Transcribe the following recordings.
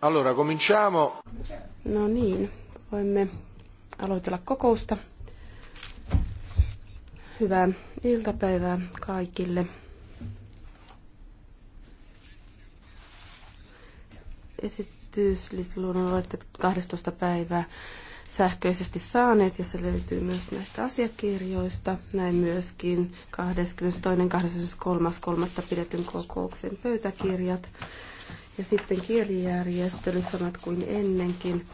Allora, cominciamo. No niin, voimme aloitella kokousta. Hyvää iltapäivää kaikille. Esitysluodon olette 12. päivää sähköisesti saaneet ja se löytyy myös näistä asiakirjoista. Näin myöskin kahdeksas, kolmas, kolmatta pidetyn kokouksen pöytäkirjat. Ja sitten kielijärjestely, sanat kuin ennenkin.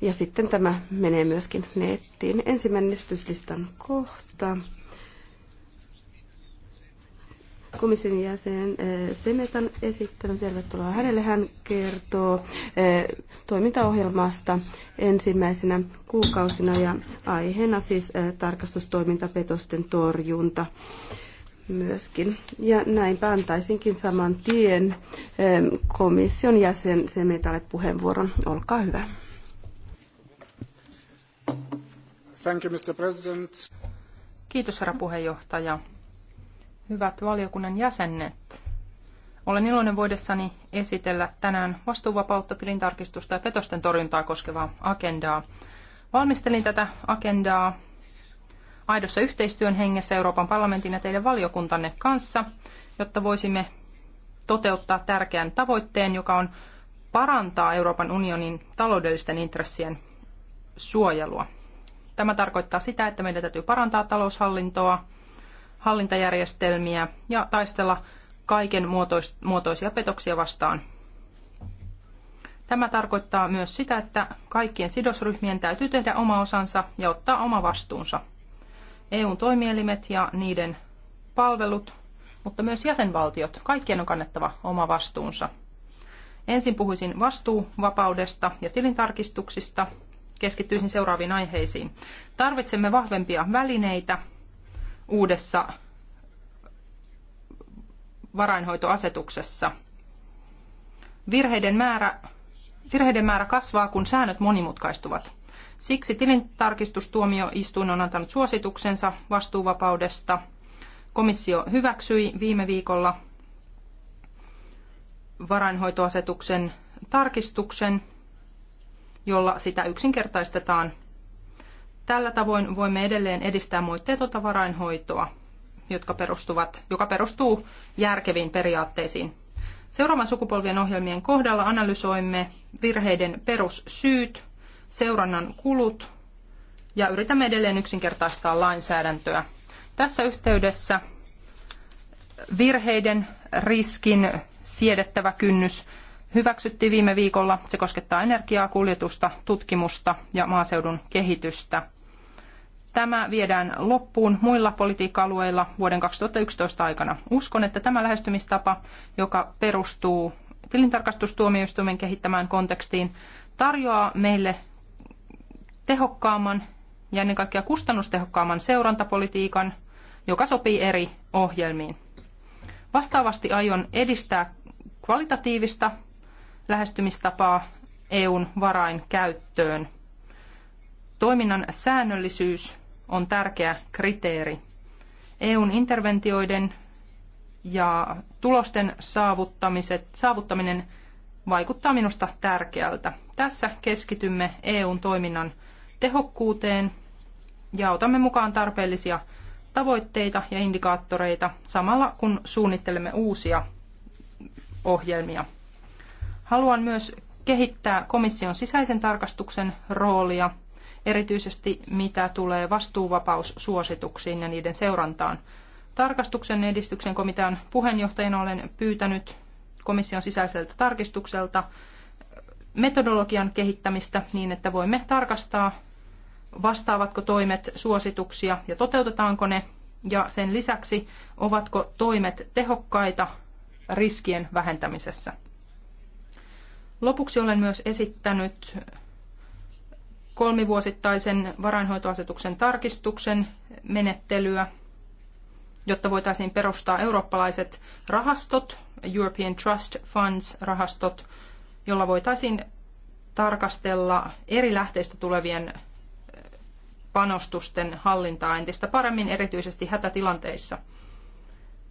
Ja sitten tämä menee myöskin nettiin. Ensimmäinen esityslistan kohta. Komission jäsen eh, Semetan esittely. Tervetuloa hänelle. Hän kertoo eh, toimintaohjelmasta ensimmäisenä kuukausina ja aiheena siis eh, tarkastustoimintapetosten torjunta myöskin. Ja näin antaisinkin saman tien komission jäsen Semetalle puheenvuoron. Olkaa hyvä. Thank you, Mr. President. Kiitos, herra puheenjohtaja. Hyvät valiokunnan jäsenet, olen iloinen voidessani esitellä tänään vastuuvapautta, tilintarkistusta ja petosten torjuntaa koskevaa agendaa. Valmistelin tätä agendaa aidossa yhteistyön hengessä Euroopan parlamentin ja teidän valiokuntanne kanssa, jotta voisimme toteuttaa tärkeän tavoitteen, joka on parantaa Euroopan unionin taloudellisten intressien suojelua. Tämä tarkoittaa sitä, että meidän täytyy parantaa taloushallintoa, hallintajärjestelmiä ja taistella kaiken muotoisia petoksia vastaan. Tämä tarkoittaa myös sitä, että kaikkien sidosryhmien täytyy tehdä oma osansa ja ottaa oma vastuunsa. EUn toimielimet ja niiden palvelut, mutta myös jäsenvaltiot. Kaikkien on kannettava oma vastuunsa. Ensin puhuisin vastuuvapaudesta ja tilintarkistuksista. Keskittyisin seuraaviin aiheisiin. Tarvitsemme vahvempia välineitä uudessa varainhoitoasetuksessa. Virheiden määrä, virheiden määrä kasvaa, kun säännöt monimutkaistuvat. Siksi tilintarkistustuomioistuin on antanut suosituksensa vastuuvapaudesta. Komissio hyväksyi viime viikolla varainhoitoasetuksen tarkistuksen, jolla sitä yksinkertaistetaan. Tällä tavoin voimme edelleen edistää moitteetonta varainhoitoa, jotka perustuvat, joka perustuu järkeviin periaatteisiin. Seuraavan sukupolvien ohjelmien kohdalla analysoimme virheiden perussyyt seurannan kulut ja yritämme edelleen yksinkertaistaa lainsäädäntöä. Tässä yhteydessä virheiden riskin siedettävä kynnys hyväksyttiin viime viikolla. Se koskettaa energiaa, kuljetusta, tutkimusta ja maaseudun kehitystä. Tämä viedään loppuun muilla politiikka-alueilla vuoden 2011 aikana. Uskon, että tämä lähestymistapa, joka perustuu tilintarkastustuomioistuimen kehittämään kontekstiin, tarjoaa meille tehokkaamman ja ennen kaikkea kustannustehokkaamman seurantapolitiikan, joka sopii eri ohjelmiin. Vastaavasti aion edistää kvalitatiivista lähestymistapaa EUn varain käyttöön. Toiminnan säännöllisyys on tärkeä kriteeri. EUn interventioiden ja tulosten saavuttamiset, saavuttaminen vaikuttaa minusta tärkeältä. Tässä keskitymme EUn toiminnan tehokkuuteen ja otamme mukaan tarpeellisia tavoitteita ja indikaattoreita samalla kun suunnittelemme uusia ohjelmia. Haluan myös kehittää komission sisäisen tarkastuksen roolia, erityisesti mitä tulee vastuuvapaussuosituksiin ja niiden seurantaan. Tarkastuksen edistyksen komitean puheenjohtajana olen pyytänyt komission sisäiseltä tarkistukselta metodologian kehittämistä niin, että voimme tarkastaa vastaavatko toimet suosituksia ja toteutetaanko ne, ja sen lisäksi ovatko toimet tehokkaita riskien vähentämisessä. Lopuksi olen myös esittänyt kolmivuosittaisen varainhoitoasetuksen tarkistuksen menettelyä, jotta voitaisiin perustaa eurooppalaiset rahastot, European Trust Funds-rahastot, jolla voitaisiin tarkastella eri lähteistä tulevien panostusten hallintaa entistä paremmin, erityisesti hätätilanteissa.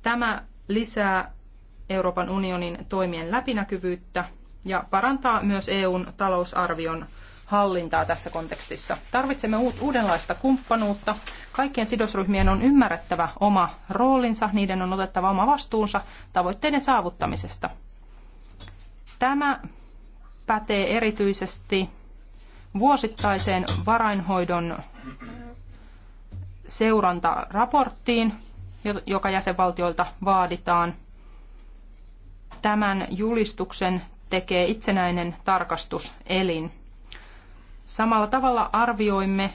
Tämä lisää Euroopan unionin toimien läpinäkyvyyttä ja parantaa myös EUn talousarvion hallintaa tässä kontekstissa. Tarvitsemme uudenlaista kumppanuutta. Kaikkien sidosryhmien on ymmärrettävä oma roolinsa, niiden on otettava oma vastuunsa tavoitteiden saavuttamisesta. Tämä pätee erityisesti vuosittaiseen varainhoidon seurantaraporttiin, joka jäsenvaltioilta vaaditaan. Tämän julistuksen tekee itsenäinen tarkastuselin. Samalla tavalla arvioimme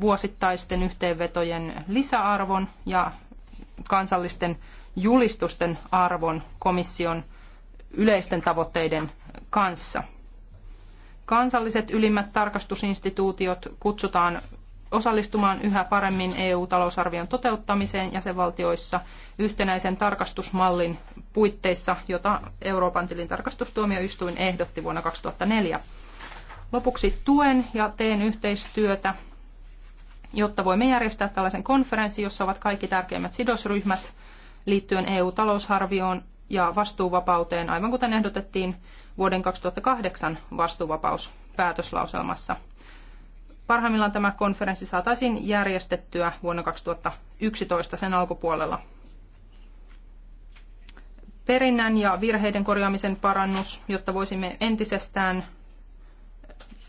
vuosittaisten yhteenvetojen lisäarvon ja kansallisten julistusten arvon komission yleisten tavoitteiden kanssa. Kansalliset ylimmät tarkastusinstituutiot kutsutaan osallistumaan yhä paremmin EU-talousarvion toteuttamiseen jäsenvaltioissa yhtenäisen tarkastusmallin puitteissa, jota Euroopan tilintarkastustuomioistuin ehdotti vuonna 2004. Lopuksi tuen ja teen yhteistyötä, jotta voimme järjestää tällaisen konferenssin, jossa ovat kaikki tärkeimmät sidosryhmät liittyen EU-talousarvioon ja vastuuvapauteen, aivan kuten ehdotettiin vuoden 2008 vastuuvapauspäätöslauselmassa. Parhaimmillaan tämä konferenssi saataisiin järjestettyä vuonna 2011 sen alkupuolella. Perinnän ja virheiden korjaamisen parannus, jotta voisimme entisestään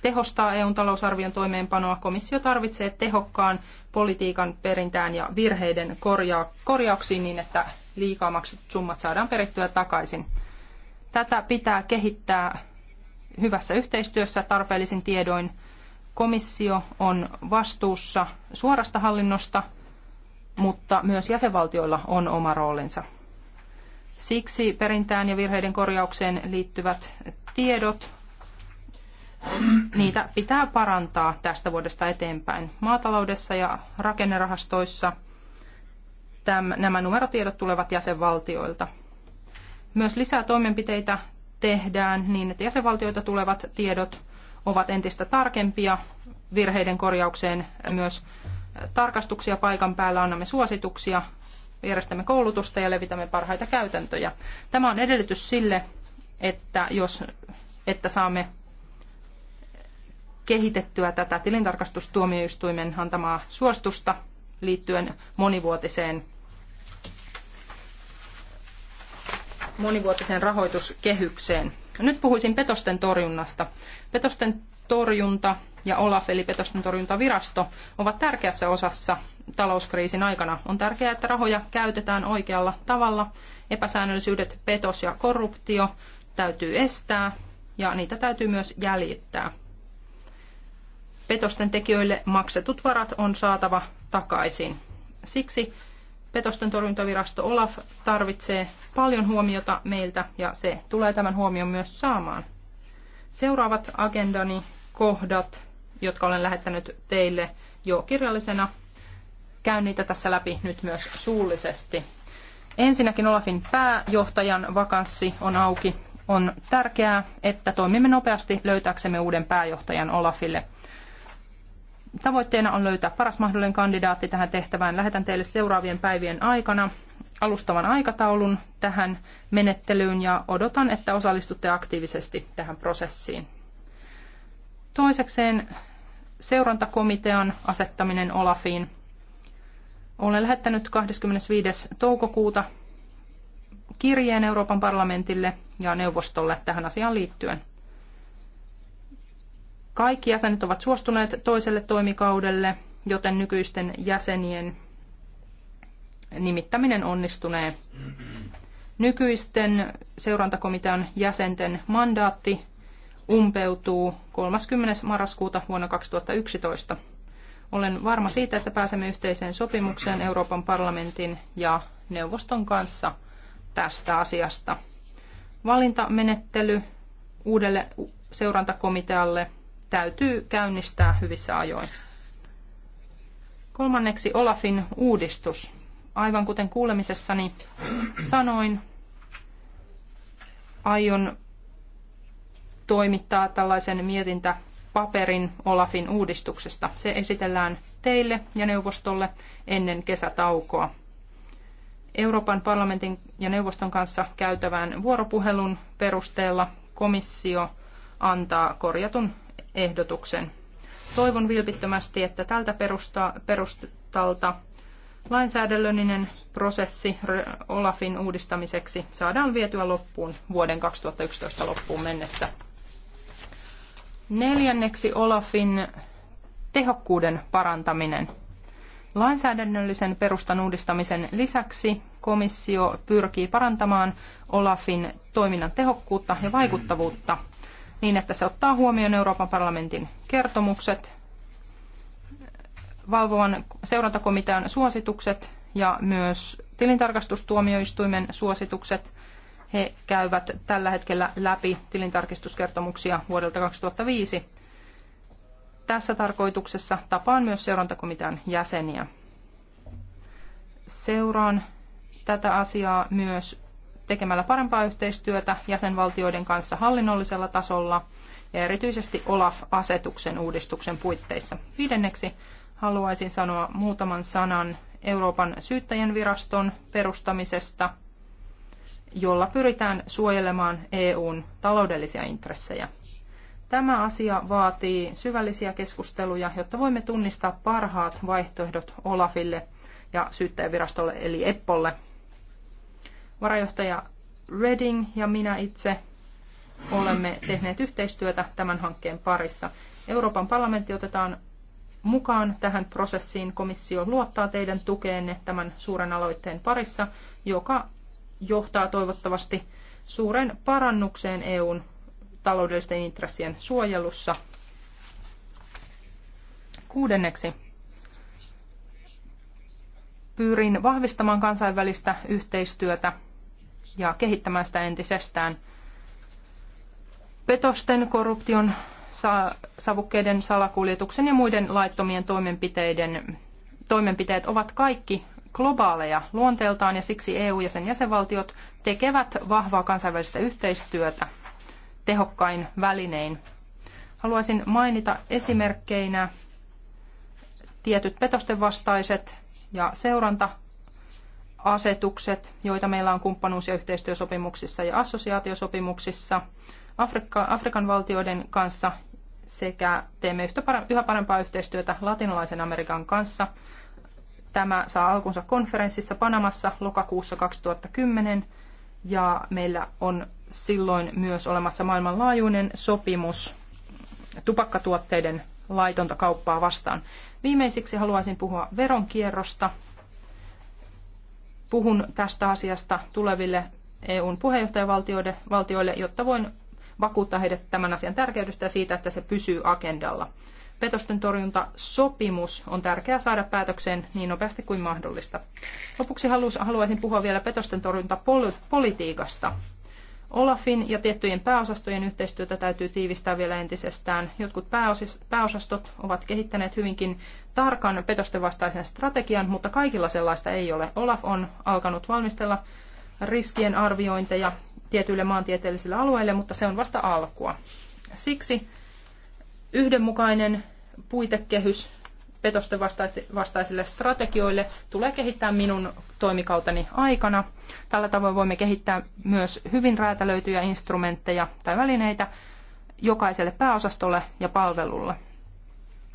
tehostaa EUn talousarvion toimeenpanoa, komissio tarvitsee tehokkaan politiikan perintään ja virheiden korjauksiin niin, että liikaa maksut summat saadaan perittyä takaisin. Tätä pitää kehittää hyvässä yhteistyössä tarpeellisin tiedoin. Komissio on vastuussa suorasta hallinnosta, mutta myös jäsenvaltioilla on oma roolinsa. Siksi perintään ja virheiden korjaukseen liittyvät tiedot, niitä pitää parantaa tästä vuodesta eteenpäin. Maataloudessa ja rakennerahastoissa – täm, nämä numerotiedot tulevat jäsenvaltioilta. Myös lisää toimenpiteitä tehdään niin, että jäsenvaltioita tulevat tiedot ovat entistä tarkempia virheiden korjaukseen myös tarkastuksia paikan päällä, annamme suosituksia, järjestämme koulutusta ja levitämme parhaita käytäntöjä. Tämä on edellytys sille, että, jos, että saamme kehitettyä tätä tilintarkastustuomioistuimen antamaa suostusta liittyen monivuotiseen monivuotiseen rahoituskehykseen. Nyt puhuisin petosten torjunnasta. Petosten torjunta ja OLAF eli petosten torjuntavirasto ovat tärkeässä osassa talouskriisin aikana. On tärkeää, että rahoja käytetään oikealla tavalla. Epäsäännöllisyydet, petos ja korruptio täytyy estää ja niitä täytyy myös jäljittää. Petosten tekijöille maksetut varat on saatava takaisin. Siksi petosten torjuntavirasto Olaf tarvitsee paljon huomiota meiltä ja se tulee tämän huomion myös saamaan. Seuraavat agendani kohdat, jotka olen lähettänyt teille jo kirjallisena, käyn niitä tässä läpi nyt myös suullisesti. Ensinnäkin Olafin pääjohtajan vakanssi on auki. On tärkeää, että toimimme nopeasti löytääksemme uuden pääjohtajan Olafille. Tavoitteena on löytää paras mahdollinen kandidaatti tähän tehtävään. Lähetän teille seuraavien päivien aikana alustavan aikataulun tähän menettelyyn ja odotan, että osallistutte aktiivisesti tähän prosessiin. Toisekseen seurantakomitean asettaminen Olafiin. Olen lähettänyt 25. toukokuuta kirjeen Euroopan parlamentille ja neuvostolle tähän asiaan liittyen. Kaikki jäsenet ovat suostuneet toiselle toimikaudelle, joten nykyisten jäsenien nimittäminen onnistunee. Nykyisten seurantakomitean jäsenten mandaatti umpeutuu 30. marraskuuta vuonna 2011. Olen varma siitä, että pääsemme yhteiseen sopimukseen Euroopan parlamentin ja neuvoston kanssa tästä asiasta. Valintamenettely uudelle seurantakomitealle täytyy käynnistää hyvissä ajoin. Kolmanneksi Olafin uudistus. Aivan kuten kuulemisessani sanoin, aion toimittaa tällaisen mietintäpaperin Olafin uudistuksesta. Se esitellään teille ja neuvostolle ennen kesätaukoa. Euroopan parlamentin ja neuvoston kanssa käytävään vuoropuhelun perusteella komissio antaa korjatun ehdotuksen. Toivon vilpittömästi, että tältä perusta, perustalta lainsäädännöllinen prosessi Olafin uudistamiseksi saadaan vietyä loppuun vuoden 2011 loppuun mennessä. Neljänneksi Olafin tehokkuuden parantaminen. Lainsäädännöllisen perustan uudistamisen lisäksi komissio pyrkii parantamaan Olafin toiminnan tehokkuutta ja vaikuttavuutta niin, että se ottaa huomioon Euroopan parlamentin kertomukset, valvovan seurantakomitean suositukset ja myös tilintarkastustuomioistuimen suositukset. He käyvät tällä hetkellä läpi tilintarkistuskertomuksia vuodelta 2005. Tässä tarkoituksessa tapaan myös seurantakomitean jäseniä. Seuraan tätä asiaa myös tekemällä parempaa yhteistyötä jäsenvaltioiden kanssa hallinnollisella tasolla ja erityisesti OLAF-asetuksen uudistuksen puitteissa. Viidenneksi haluaisin sanoa muutaman sanan Euroopan syyttäjän viraston perustamisesta, jolla pyritään suojelemaan EUn taloudellisia intressejä. Tämä asia vaatii syvällisiä keskusteluja, jotta voimme tunnistaa parhaat vaihtoehdot Olafille ja syyttäjävirastolle eli EPPOlle Varajohtaja Redding ja minä itse olemme tehneet yhteistyötä tämän hankkeen parissa. Euroopan parlamentti otetaan mukaan tähän prosessiin. Komissio luottaa teidän tukeenne tämän suuren aloitteen parissa, joka johtaa toivottavasti suuren parannukseen EUn taloudellisten intressien suojelussa. Kuudenneksi pyrin vahvistamaan kansainvälistä yhteistyötä ja kehittämään sitä entisestään. Petosten, korruption, savukkeiden salakuljetuksen ja muiden laittomien toimenpiteiden toimenpiteet ovat kaikki globaaleja luonteeltaan ja siksi EU ja sen jäsenvaltiot tekevät vahvaa kansainvälistä yhteistyötä tehokkain välinein. Haluaisin mainita esimerkkeinä tietyt petosten vastaiset ja seuranta asetukset, joita meillä on kumppanuus- ja yhteistyösopimuksissa ja assosiaatiosopimuksissa Afrikka, Afrikan valtioiden kanssa sekä teemme yhtä para, yhä parempaa yhteistyötä latinalaisen Amerikan kanssa. Tämä saa alkunsa konferenssissa Panamassa lokakuussa 2010 ja meillä on silloin myös olemassa maailmanlaajuinen sopimus tupakkatuotteiden laitonta kauppaa vastaan. Viimeisiksi haluaisin puhua veronkierrosta puhun tästä asiasta tuleville EUn puheenjohtajavaltioille, jotta voin vakuuttaa heidät tämän asian tärkeydestä ja siitä, että se pysyy agendalla. Petosten torjuntasopimus on tärkeää saada päätökseen niin nopeasti kuin mahdollista. Lopuksi haluaisin puhua vielä petosten torjuntapolitiikasta. Olafin ja tiettyjen pääosastojen yhteistyötä täytyy tiivistää vielä entisestään. Jotkut pääosastot ovat kehittäneet hyvinkin tarkan petosten vastaisen strategian, mutta kaikilla sellaista ei ole. Olaf on alkanut valmistella riskien arviointeja tietyille maantieteellisille alueille, mutta se on vasta alkua. Siksi yhdenmukainen puitekehys petosten vastaisille strategioille tulee kehittää minun toimikauteni aikana. Tällä tavoin voimme kehittää myös hyvin räätälöityjä instrumentteja tai välineitä jokaiselle pääosastolle ja palvelulle.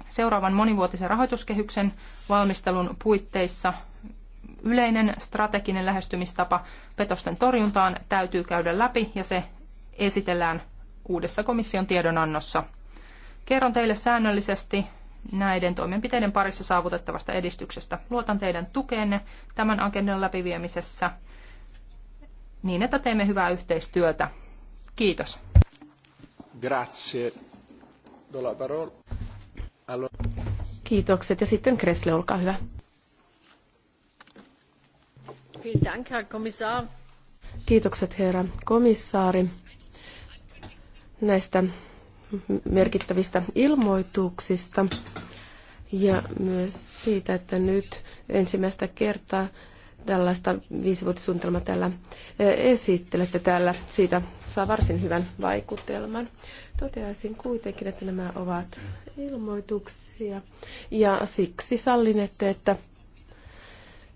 Seuraavan monivuotisen rahoituskehyksen valmistelun puitteissa yleinen strateginen lähestymistapa petosten torjuntaan täytyy käydä läpi ja se esitellään uudessa komission tiedonannossa. Kerron teille säännöllisesti näiden toimenpiteiden parissa saavutettavasta edistyksestä. Luotan teidän tukeenne tämän agendan läpiviemisessä niin, että teemme hyvää yhteistyötä. Kiitos. Grazie. la parola. Allora. Kiitokset ja sitten kresle olkaa hyvä. Kiitokset herra komissaari näistä merkittävistä ilmoituksista ja myös siitä, että nyt ensimmäistä kertaa tällaista viisivuotisuunnitelmaa täällä esittelette täällä. Siitä saa varsin hyvän vaikutelman. Toteaisin kuitenkin, että nämä ovat ilmoituksia ja siksi sallinette, että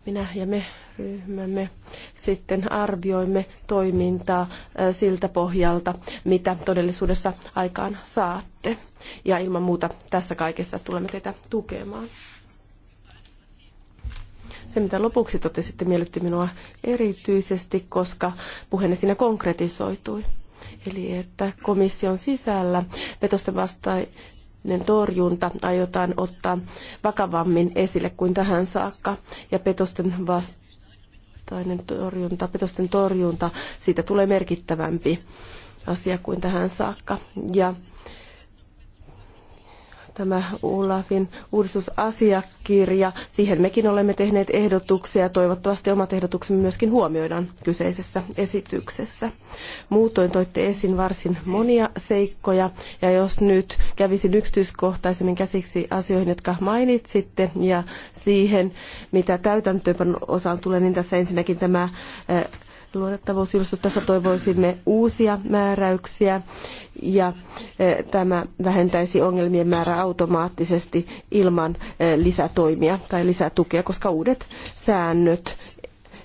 minä ja me ryhmämme sitten arvioimme toimintaa äh, siltä pohjalta, mitä todellisuudessa aikaan saatte. Ja ilman muuta tässä kaikessa tulemme teitä tukemaan. Se, mitä lopuksi totesitte, miellytti minua erityisesti, koska puheenne siinä konkretisoitui. Eli että komission sisällä petosten vastai, niin torjunta aiotaan ottaa vakavammin esille kuin tähän saakka ja petosten vastainen torjunta, petosten torjunta, siitä tulee merkittävämpi asia kuin tähän saakka. Ja tämä ULAFin uudistusasiakirja. Siihen mekin olemme tehneet ehdotuksia ja toivottavasti omat ehdotuksemme myöskin huomioidaan kyseisessä esityksessä. Muutoin toitte esiin varsin monia seikkoja ja jos nyt kävisin yksityiskohtaisemmin käsiksi asioihin, jotka mainitsitte ja siihen, mitä täytäntöönpanon osaan tulee, niin tässä ensinnäkin tämä eh, luotettavuusjulistus. Tässä toivoisimme uusia määräyksiä ja eh, tämä vähentäisi ongelmien määrää automaattisesti ilman eh, lisätoimia tai lisätukea, koska uudet säännöt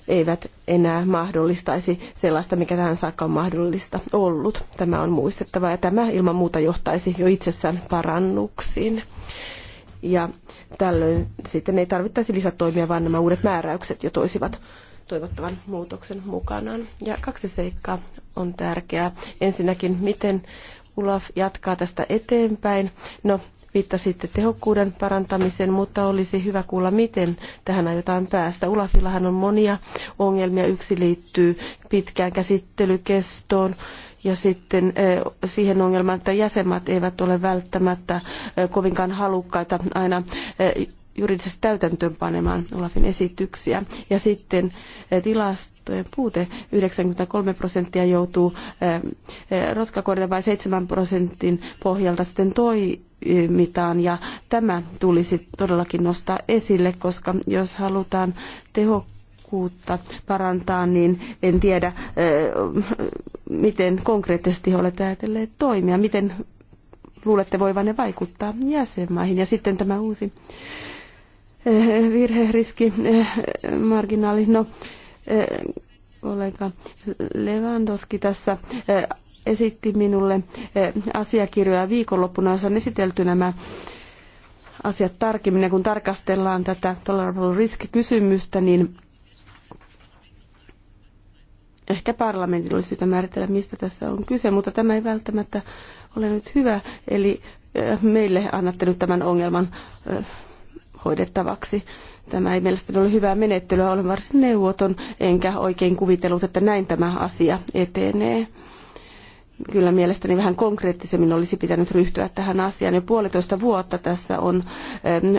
eivät enää mahdollistaisi sellaista, mikä tähän saakka on mahdollista ollut. Tämä on muistettava ja tämä ilman muuta johtaisi jo itsessään parannuksiin. Ja tällöin sitten ei tarvittaisi lisätoimia, vaan nämä uudet määräykset jo toisivat toivottavan muutoksen mukanaan. Ja kaksi seikkaa on tärkeää. Ensinnäkin, miten Ulaf jatkaa tästä eteenpäin. No, viittasitte tehokkuuden parantamiseen, mutta olisi hyvä kuulla, miten tähän aiotaan päästä. Ulafillahan on monia ongelmia. Yksi liittyy pitkään käsittelykestoon ja sitten eh, siihen ongelmaan, että jäsenmaat eivät ole välttämättä eh, kovinkaan halukkaita aina eh, juridisesti täytäntöönpanemaan Olafin esityksiä. Ja sitten eh, tilastojen puute, 93 prosenttia joutuu eh, eh, roskakorille vai 7 prosentin pohjalta sitten toimitaan. Ja tämä tulisi todellakin nostaa esille, koska jos halutaan tehokkuutta parantaa, niin en tiedä, miten konkreettisesti olette ajatelleet toimia, miten luulette voivanne vaikuttaa jäsenmaihin. Ja sitten tämä uusi Eh, virheriski, eh, marginaali, no eh, ollenkaan. Lewandowski tässä esitti minulle asiakirjoja viikonloppuna, jossa on esitelty nämä asiat tarkemmin. Ja kun tarkastellaan tätä tolerable risk-kysymystä, niin ehkä parlamentilla olisi syytä määritellä, mistä tässä on kyse, mutta tämä ei välttämättä ole nyt hyvä. Eli meille annatte nyt tämän ongelman hoidettavaksi. Tämä ei mielestäni ole hyvää menettelyä, olen varsin neuvoton, enkä oikein kuvitellut, että näin tämä asia etenee. Kyllä mielestäni vähän konkreettisemmin olisi pitänyt ryhtyä tähän asiaan. Jo puolitoista vuotta tässä on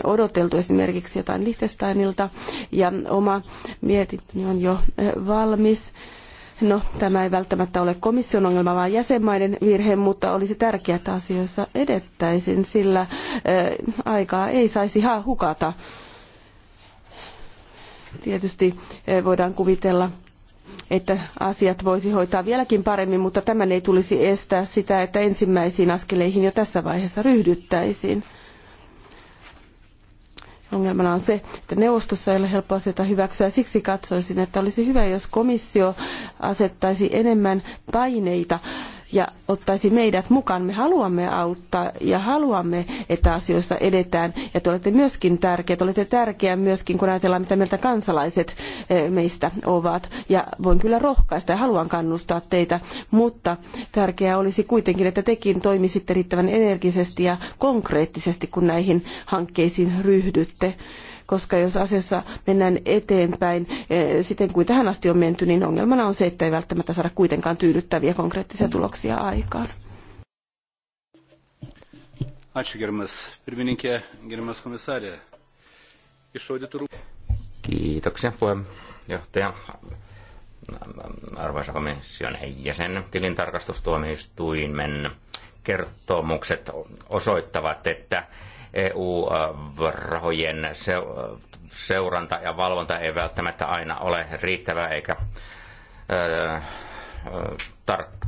odoteltu esimerkiksi jotain Liechtensteinilta ja oma mietintöni on jo valmis. No, tämä ei välttämättä ole komission ongelma, vaan jäsenmaiden virhe, mutta olisi tärkeää, että asioissa edettäisiin, sillä aikaa ei saisi ihan hukata. Tietysti voidaan kuvitella, että asiat voisi hoitaa vieläkin paremmin, mutta tämän ei tulisi estää sitä, että ensimmäisiin askeleihin jo tässä vaiheessa ryhdyttäisiin. Ongelmana on se, että neuvostossa ei ole helppo asioita hyväksyä. Siksi katsoisin, että olisi hyvä, jos komissio asettaisi enemmän paineita ja ottaisi meidät mukaan. Me haluamme auttaa ja haluamme, että asioissa edetään. Ja te olette myöskin tärkeä. Te olette tärkeä myöskin, kun ajatellaan, mitä mieltä kansalaiset eh, meistä ovat. Ja voin kyllä rohkaista ja haluan kannustaa teitä, mutta tärkeää olisi kuitenkin, että tekin toimisitte riittävän energisesti ja konkreettisesti, kun näihin hankkeisiin ryhdytte koska jos asiassa mennään eteenpäin eh, siten kuin tähän asti on menty, niin ongelmana on se, että ei välttämättä saada kuitenkaan tyydyttäviä konkreettisia mm. tuloksia aikaan. Ačiū gerimas pirmininkė, gerimas komisarė. Iš Kiitoksia puheenjohtaja. Arvoisa komission jäsen, tilintarkastustuomioistuimen kertomukset osoittavat, että EU-rahojen seuranta ja valvonta ei välttämättä aina ole riittävää eikä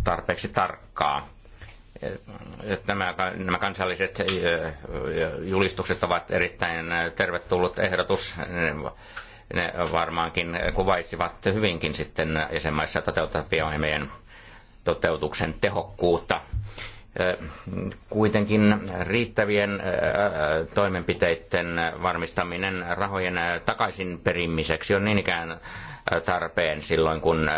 tarpeeksi tarkkaa. Nämä, nämä kansalliset julistukset ovat erittäin tervetullut ehdotus. Ne varmaankin kuvaisivat hyvinkin sitten jäsenmaissa toteutettavien ohjelmien toteutuksen tehokkuutta kuitenkin riittävien toimenpiteiden varmistaminen rahojen takaisin perimiseksi on niin ikään tarpeen silloin, kun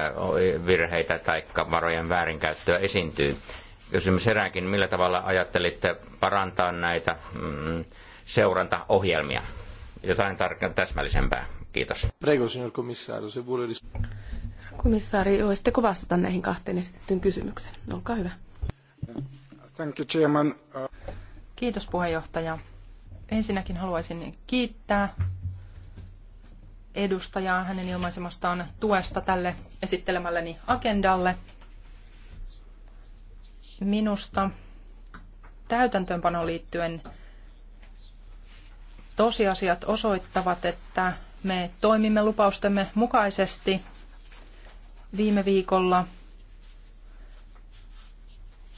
virheitä tai varojen väärinkäyttöä esiintyy. Kysymys herääkin, millä tavalla ajattelitte parantaa näitä mm, seurantaohjelmia? Jotain täsmällisempää. Kiitos. Prego, signor commissario, se vuole Komissaari, voisitteko vastata näihin kahteen esitettyyn kysymykseen? Olkaa hyvä. Thank you, Kiitos puheenjohtaja. Ensinnäkin haluaisin kiittää edustajaa hänen ilmaisemastaan tuesta tälle esittelemälleni agendalle. Minusta täytäntöönpanoon liittyen tosiasiat osoittavat, että me toimimme lupaustemme mukaisesti. Viime viikolla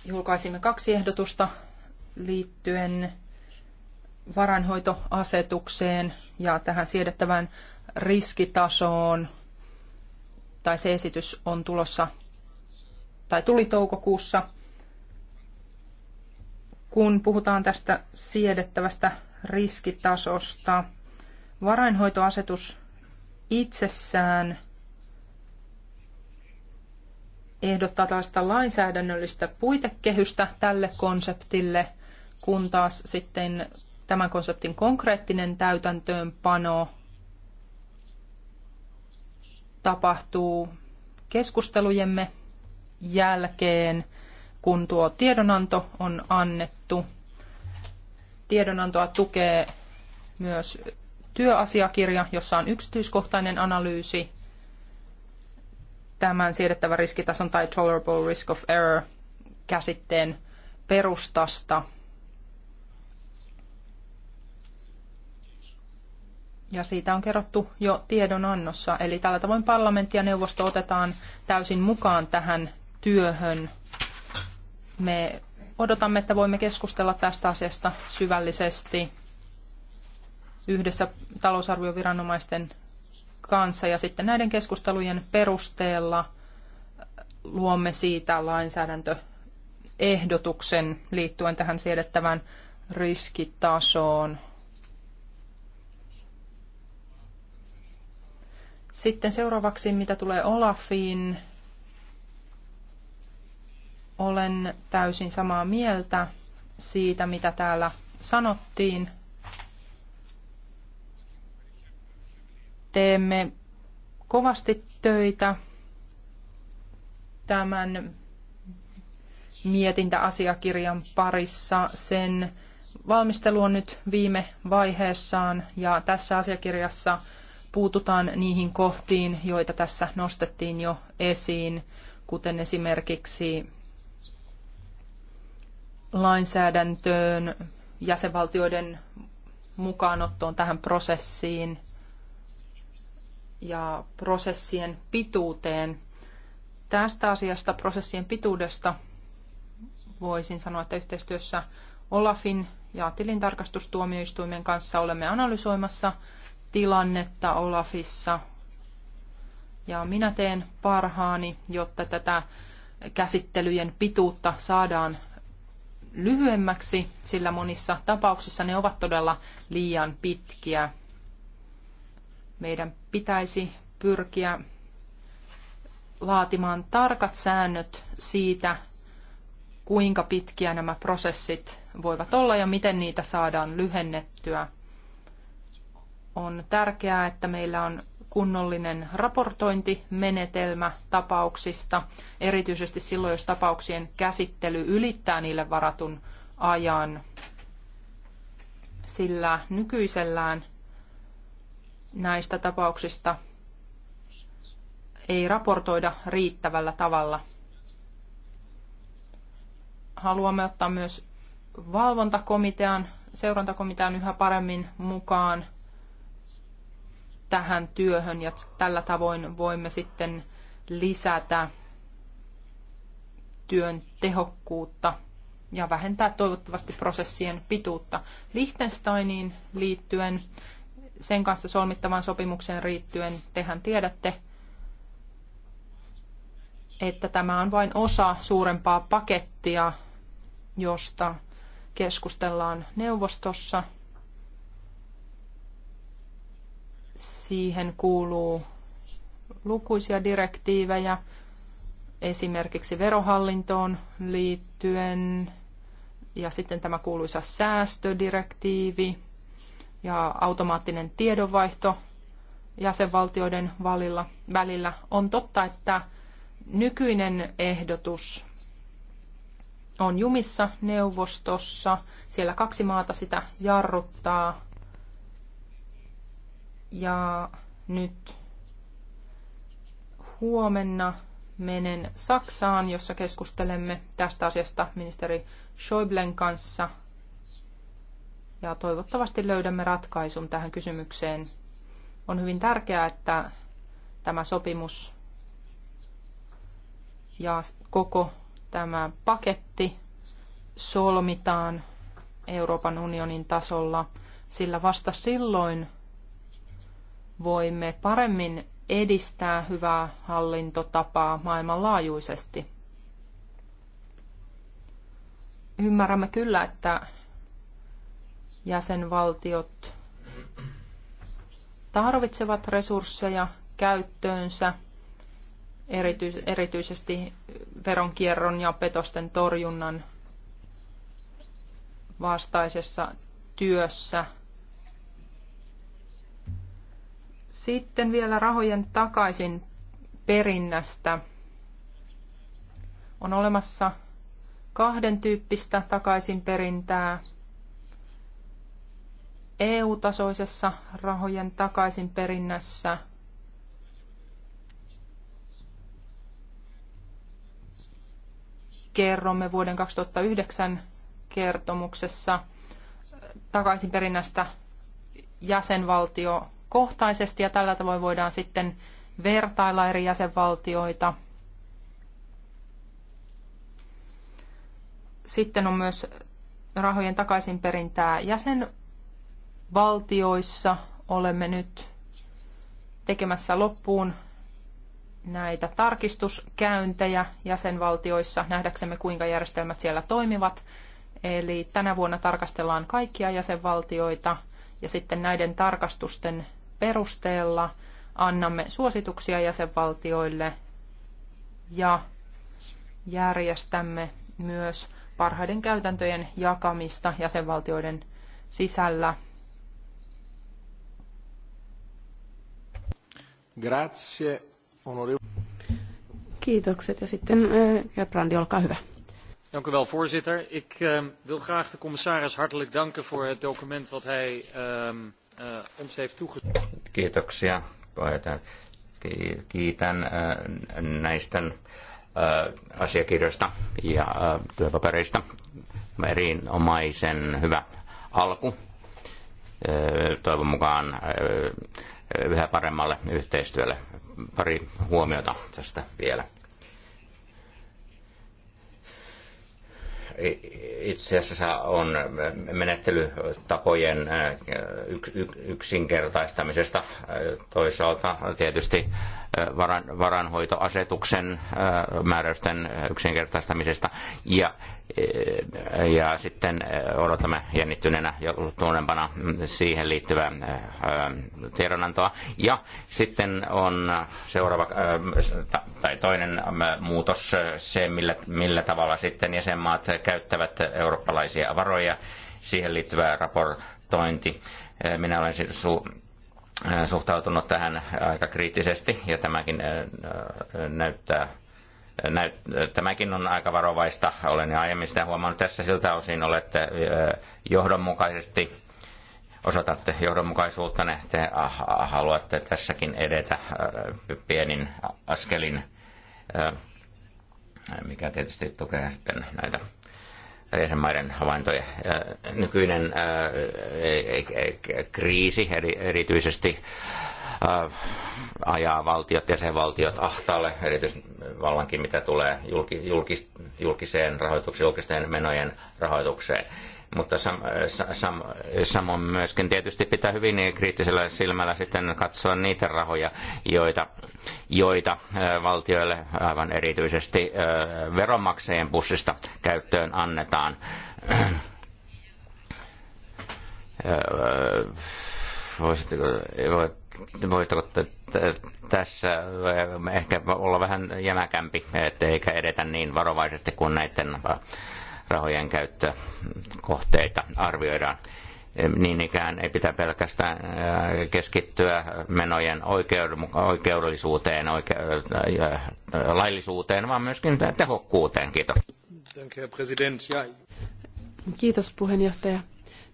julkaisimme kaksi ehdotusta liittyen varainhoitoasetukseen ja tähän siedettävään riskitasoon. Tai se esitys on tulossa tai tuli toukokuussa. Kun puhutaan tästä siedettävästä riskitasosta, varainhoitoasetus itsessään ehdottaa tällaista lainsäädännöllistä puitekehystä tälle konseptille, kun taas sitten tämän konseptin konkreettinen täytäntöönpano tapahtuu keskustelujemme jälkeen, kun tuo tiedonanto on annettu. Tiedonantoa tukee myös työasiakirja, jossa on yksityiskohtainen analyysi tämän siedettävä riskitason tai tolerable risk of error käsitteen perustasta. Ja siitä on kerrottu jo tiedonannossa. Eli tällä tavoin parlamentti ja neuvosto otetaan täysin mukaan tähän työhön. Me odotamme, että voimme keskustella tästä asiasta syvällisesti yhdessä talousarvioviranomaisten kanssa ja sitten näiden keskustelujen perusteella luomme siitä lainsäädäntöehdotuksen liittyen tähän siedettävän riskitasoon. Sitten seuraavaksi, mitä tulee Olafiin, olen täysin samaa mieltä siitä, mitä täällä sanottiin. teemme kovasti töitä tämän mietintäasiakirjan parissa. Sen valmistelu on nyt viime vaiheessaan ja tässä asiakirjassa puututaan niihin kohtiin, joita tässä nostettiin jo esiin, kuten esimerkiksi lainsäädäntöön, jäsenvaltioiden mukaanottoon tähän prosessiin – ja prosessien pituuteen. Tästä asiasta, prosessien pituudesta, voisin sanoa, että yhteistyössä Olafin ja tilintarkastustuomioistuimen kanssa olemme analysoimassa tilannetta Olafissa. Ja minä teen parhaani, jotta tätä käsittelyjen pituutta saadaan lyhyemmäksi, sillä monissa tapauksissa ne ovat todella liian pitkiä. Meidän pitäisi pyrkiä laatimaan tarkat säännöt siitä, kuinka pitkiä nämä prosessit voivat olla ja miten niitä saadaan lyhennettyä. On tärkeää, että meillä on kunnollinen raportointimenetelmä tapauksista, erityisesti silloin, jos tapauksien käsittely ylittää niille varatun ajan, sillä nykyisellään näistä tapauksista ei raportoida riittävällä tavalla. Haluamme ottaa myös valvontakomitean, seurantakomitean yhä paremmin mukaan tähän työhön ja tällä tavoin voimme sitten lisätä työn tehokkuutta ja vähentää toivottavasti prosessien pituutta. Liechtensteiniin liittyen sen kanssa solmittavan sopimukseen riittyen, tehän tiedätte, että tämä on vain osa suurempaa pakettia, josta keskustellaan neuvostossa. Siihen kuuluu lukuisia direktiivejä, esimerkiksi verohallintoon liittyen, ja sitten tämä kuuluisa säästödirektiivi, ja automaattinen tiedonvaihto jäsenvaltioiden valilla, välillä. On totta, että nykyinen ehdotus on jumissa neuvostossa. Siellä kaksi maata sitä jarruttaa. Ja nyt huomenna menen Saksaan, jossa keskustelemme tästä asiasta ministeri Schäublen kanssa – ja toivottavasti löydämme ratkaisun tähän kysymykseen. On hyvin tärkeää, että tämä sopimus ja koko tämä paketti solmitaan Euroopan unionin tasolla, sillä vasta silloin voimme paremmin edistää hyvää hallintotapaa maailmanlaajuisesti. Ymmärrämme kyllä, että jäsenvaltiot tarvitsevat resursseja käyttöönsä erity, erityisesti veronkierron ja petosten torjunnan vastaisessa työssä. Sitten vielä rahojen takaisin perinnästä. On olemassa kahden tyyppistä takaisinperintää. perintää EU-tasoisessa rahojen takaisinperinnässä kerromme vuoden 2009 kertomuksessa takaisinperinnästä jäsenvaltio kohtaisesti ja tällä tavoin voidaan sitten vertailla eri jäsenvaltioita. Sitten on myös rahojen takaisinperintää jäsen valtioissa olemme nyt tekemässä loppuun näitä tarkistuskäyntejä jäsenvaltioissa nähdäksemme, kuinka järjestelmät siellä toimivat. Eli tänä vuonna tarkastellaan kaikkia jäsenvaltioita ja sitten näiden tarkastusten perusteella annamme suosituksia jäsenvaltioille ja järjestämme myös parhaiden käytäntöjen jakamista jäsenvaltioiden sisällä Grazie, onore... Kiitokset ja sitten äh, olkaa hyvä. Dank u wel, voorzitter. Ik uh, wil graag de commissaris hartelijk danken voor het document wat hij uh, uh, ons heeft toegezegd. Kiitoksia. Kiitän uh, näistä uh, asiakirjoista ja uh, työpapereista. Erinomaisen hyvä alku. Uh, toivon mukaan uh, yhä paremmalle yhteistyölle. Pari huomiota tästä vielä. Itse asiassa on menettelytapojen äh, yksinkertaistamisesta äh, toisaalta tietysti varan, varanhoitoasetuksen äh, määräysten yksinkertaistamisesta ja, äh, ja sitten äh, odotamme jännittyneenä ja tuonempana siihen liittyvää tiedonantoa. Ja sitten on seuraava tai toinen muutos se, millä, millä tavalla sitten jäsenmaat käyttävät eurooppalaisia varoja siihen liittyvää raportointi. Minä olen su- suhtautunut tähän aika kriittisesti ja tämäkin näyttää Näyt, tämäkin on aika varovaista. Olen jo aiemmin sitä huomannut tässä siltä osin, olette johdonmukaisesti osoitatte johdonmukaisuutta, ne te haluatte tässäkin edetä pienin askelin, mikä tietysti tukee sitten näitä jäsenmaiden havaintoja. Nykyinen e, e, e, kriisi, erityisesti ajaa valtiot, jäsenvaltiot ahtaalle, erityisesti vallankin mitä tulee julkiseen rahoitukseen, julkisten menojen rahoitukseen mutta sam, eh, sam, eh, samoin myöskin tietysti pitää hyvin niin kriittisellä silmällä sitten katsoa niitä rahoja, joita, joita eh, valtioille aivan erityisesti veronmaksajien pussista käyttöön annetaan. Voisitko voitteko tässä ehkä olla vähän jämäkämpi, eikä edetä niin varovaisesti kuin näiden rahojen käyttökohteita arvioidaan. Niin ikään ei pitää pelkästään keskittyä menojen oikeudellisuuteen, oike- laillisuuteen, vaan myöskin tehokkuuteen. Kiitos. Kiitos puheenjohtaja.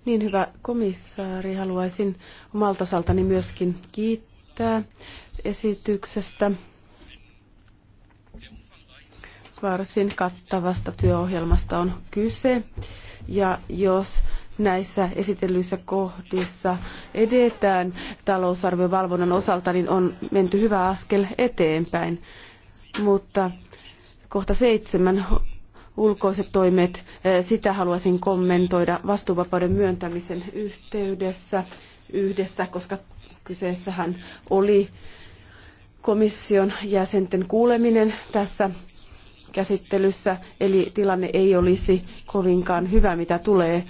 Niin hyvä komissaari, haluaisin omalta osaltani myöskin kiittää esityksestä varsin kattavasta työohjelmasta on kyse. Ja jos näissä esitellyissä kohdissa edetään talousarviovalvonnan osalta, niin on menty hyvä askel eteenpäin. Mutta kohta seitsemän ulkoiset toimet, eh, sitä haluaisin kommentoida vastuuvapauden myöntämisen yhteydessä yhdessä, koska kyseessähän oli komission jäsenten kuuleminen tässä käsittelyssä, eli tilanne ei olisi kovinkaan hyvä, mitä tulee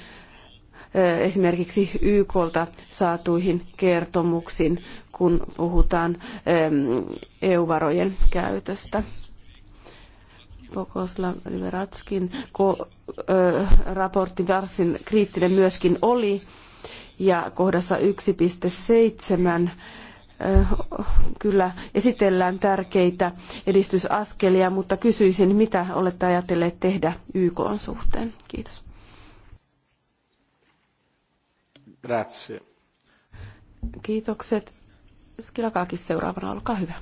esimerkiksi YKlta saatuihin kertomuksiin, kun puhutaan EU-varojen käytöstä. Pokoslav Liberatskin raportti varsin kriittinen myöskin oli, ja kohdassa 1.7 Äh, kyllä esitellään tärkeitä edistysaskelia, mutta kysyisin, mitä olette ajatelleet tehdä YK suhteen? Kiitos. Grazie. Kiitokset. Skilakakis seuraavana, olkaa hyvä.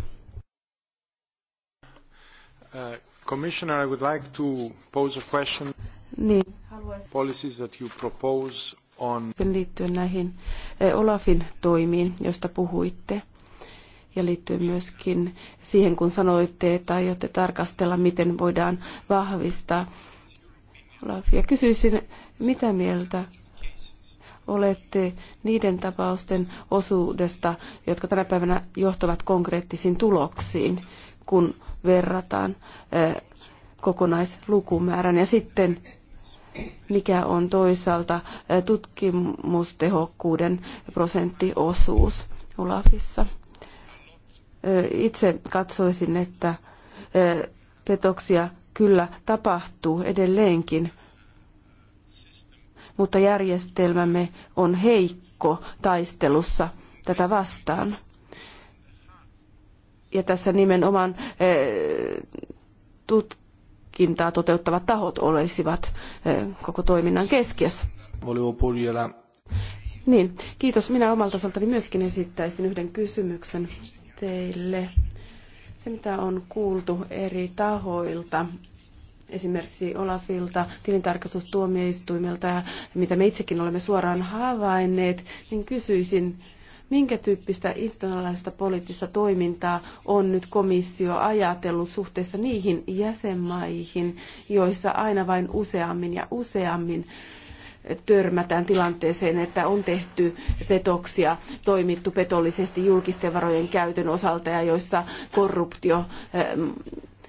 Uh, commissioner, I would like to pose a question. Niin. Policies that you propose on... Liittyen näihin eh, Olafin toimiin, joista puhuitte, ja liittyy myöskin siihen, kun sanoitte, että aiotte tarkastella, miten voidaan vahvistaa Olafia. Kysyisin, mitä mieltä olette niiden tapausten osuudesta, jotka tänä päivänä johtavat konkreettisiin tuloksiin, kun verrataan eh, kokonaislukumäärän ja sitten mikä on toisaalta tutkimustehokkuuden prosenttiosuus Olafissa. Itse katsoisin, että petoksia kyllä tapahtuu edelleenkin, mutta järjestelmämme on heikko taistelussa tätä vastaan. Ja tässä nimenomaan tutkimus tutkintaa toteuttavat tahot olisivat koko toiminnan keskiössä. Niin, kiitos. Minä omalta osaltani myöskin esittäisin yhden kysymyksen teille. Se, mitä on kuultu eri tahoilta, esimerkiksi Olafilta, tilintarkastustuomioistuimelta ja mitä me itsekin olemme suoraan havainneet, niin kysyisin, Minkä tyyppistä institutionaalista poliittista toimintaa on nyt komissio ajatellut suhteessa niihin jäsenmaihin, joissa aina vain useammin ja useammin törmätään tilanteeseen, että on tehty petoksia, toimittu petollisesti julkisten varojen käytön osalta ja joissa korruptio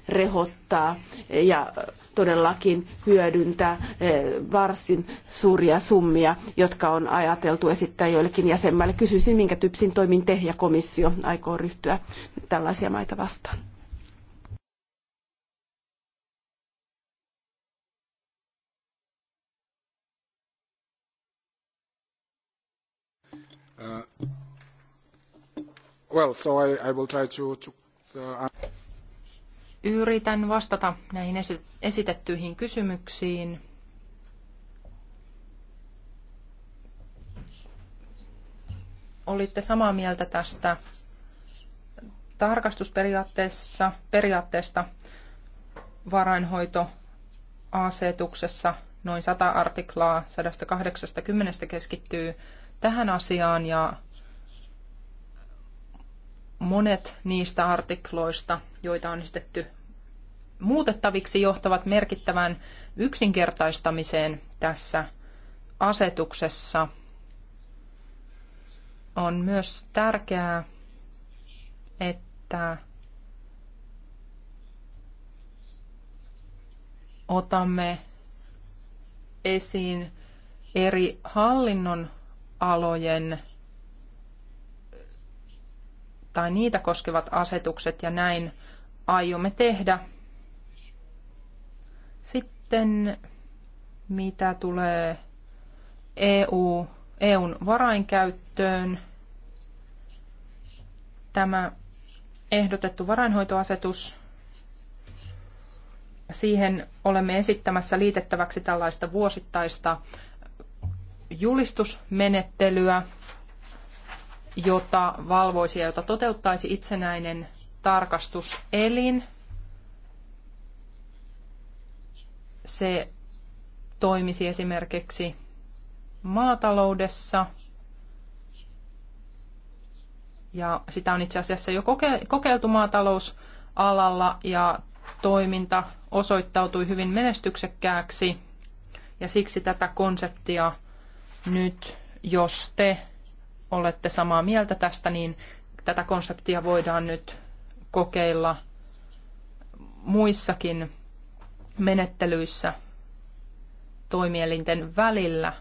rehottaa ja todellakin hyödyntää eh, varsin suuria summia, jotka on ajateltu esittää joillekin jäsenmaille. Kysyisin, minkä tyyppisin toimin te ja komissio aikoo ryhtyä tällaisia maita vastaan. Uh, well, so I, I will try to, to uh... Yritän vastata näihin esitettyihin kysymyksiin. Olitte samaa mieltä tästä tarkastusperiaatteessa, periaatteesta varainhoitoasetuksessa noin 100 artiklaa 180 keskittyy tähän asiaan ja Monet niistä artikloista, joita on esitetty muutettaviksi, johtavat merkittävään yksinkertaistamiseen tässä asetuksessa. On myös tärkeää, että otamme esiin eri hallinnon alojen tai niitä koskevat asetukset ja näin aiomme tehdä. Sitten mitä tulee EU, EUn varainkäyttöön, tämä ehdotettu varainhoitoasetus, siihen olemme esittämässä liitettäväksi tällaista vuosittaista julistusmenettelyä, jota valvoisi ja jota toteuttaisi itsenäinen tarkastuselin. Se toimisi esimerkiksi maataloudessa. Ja sitä on itse asiassa jo kokeiltu maatalousalalla ja toiminta osoittautui hyvin menestyksekkääksi. Ja siksi tätä konseptia nyt, jos te olette samaa mieltä tästä, niin tätä konseptia voidaan nyt kokeilla muissakin menettelyissä toimielinten välillä.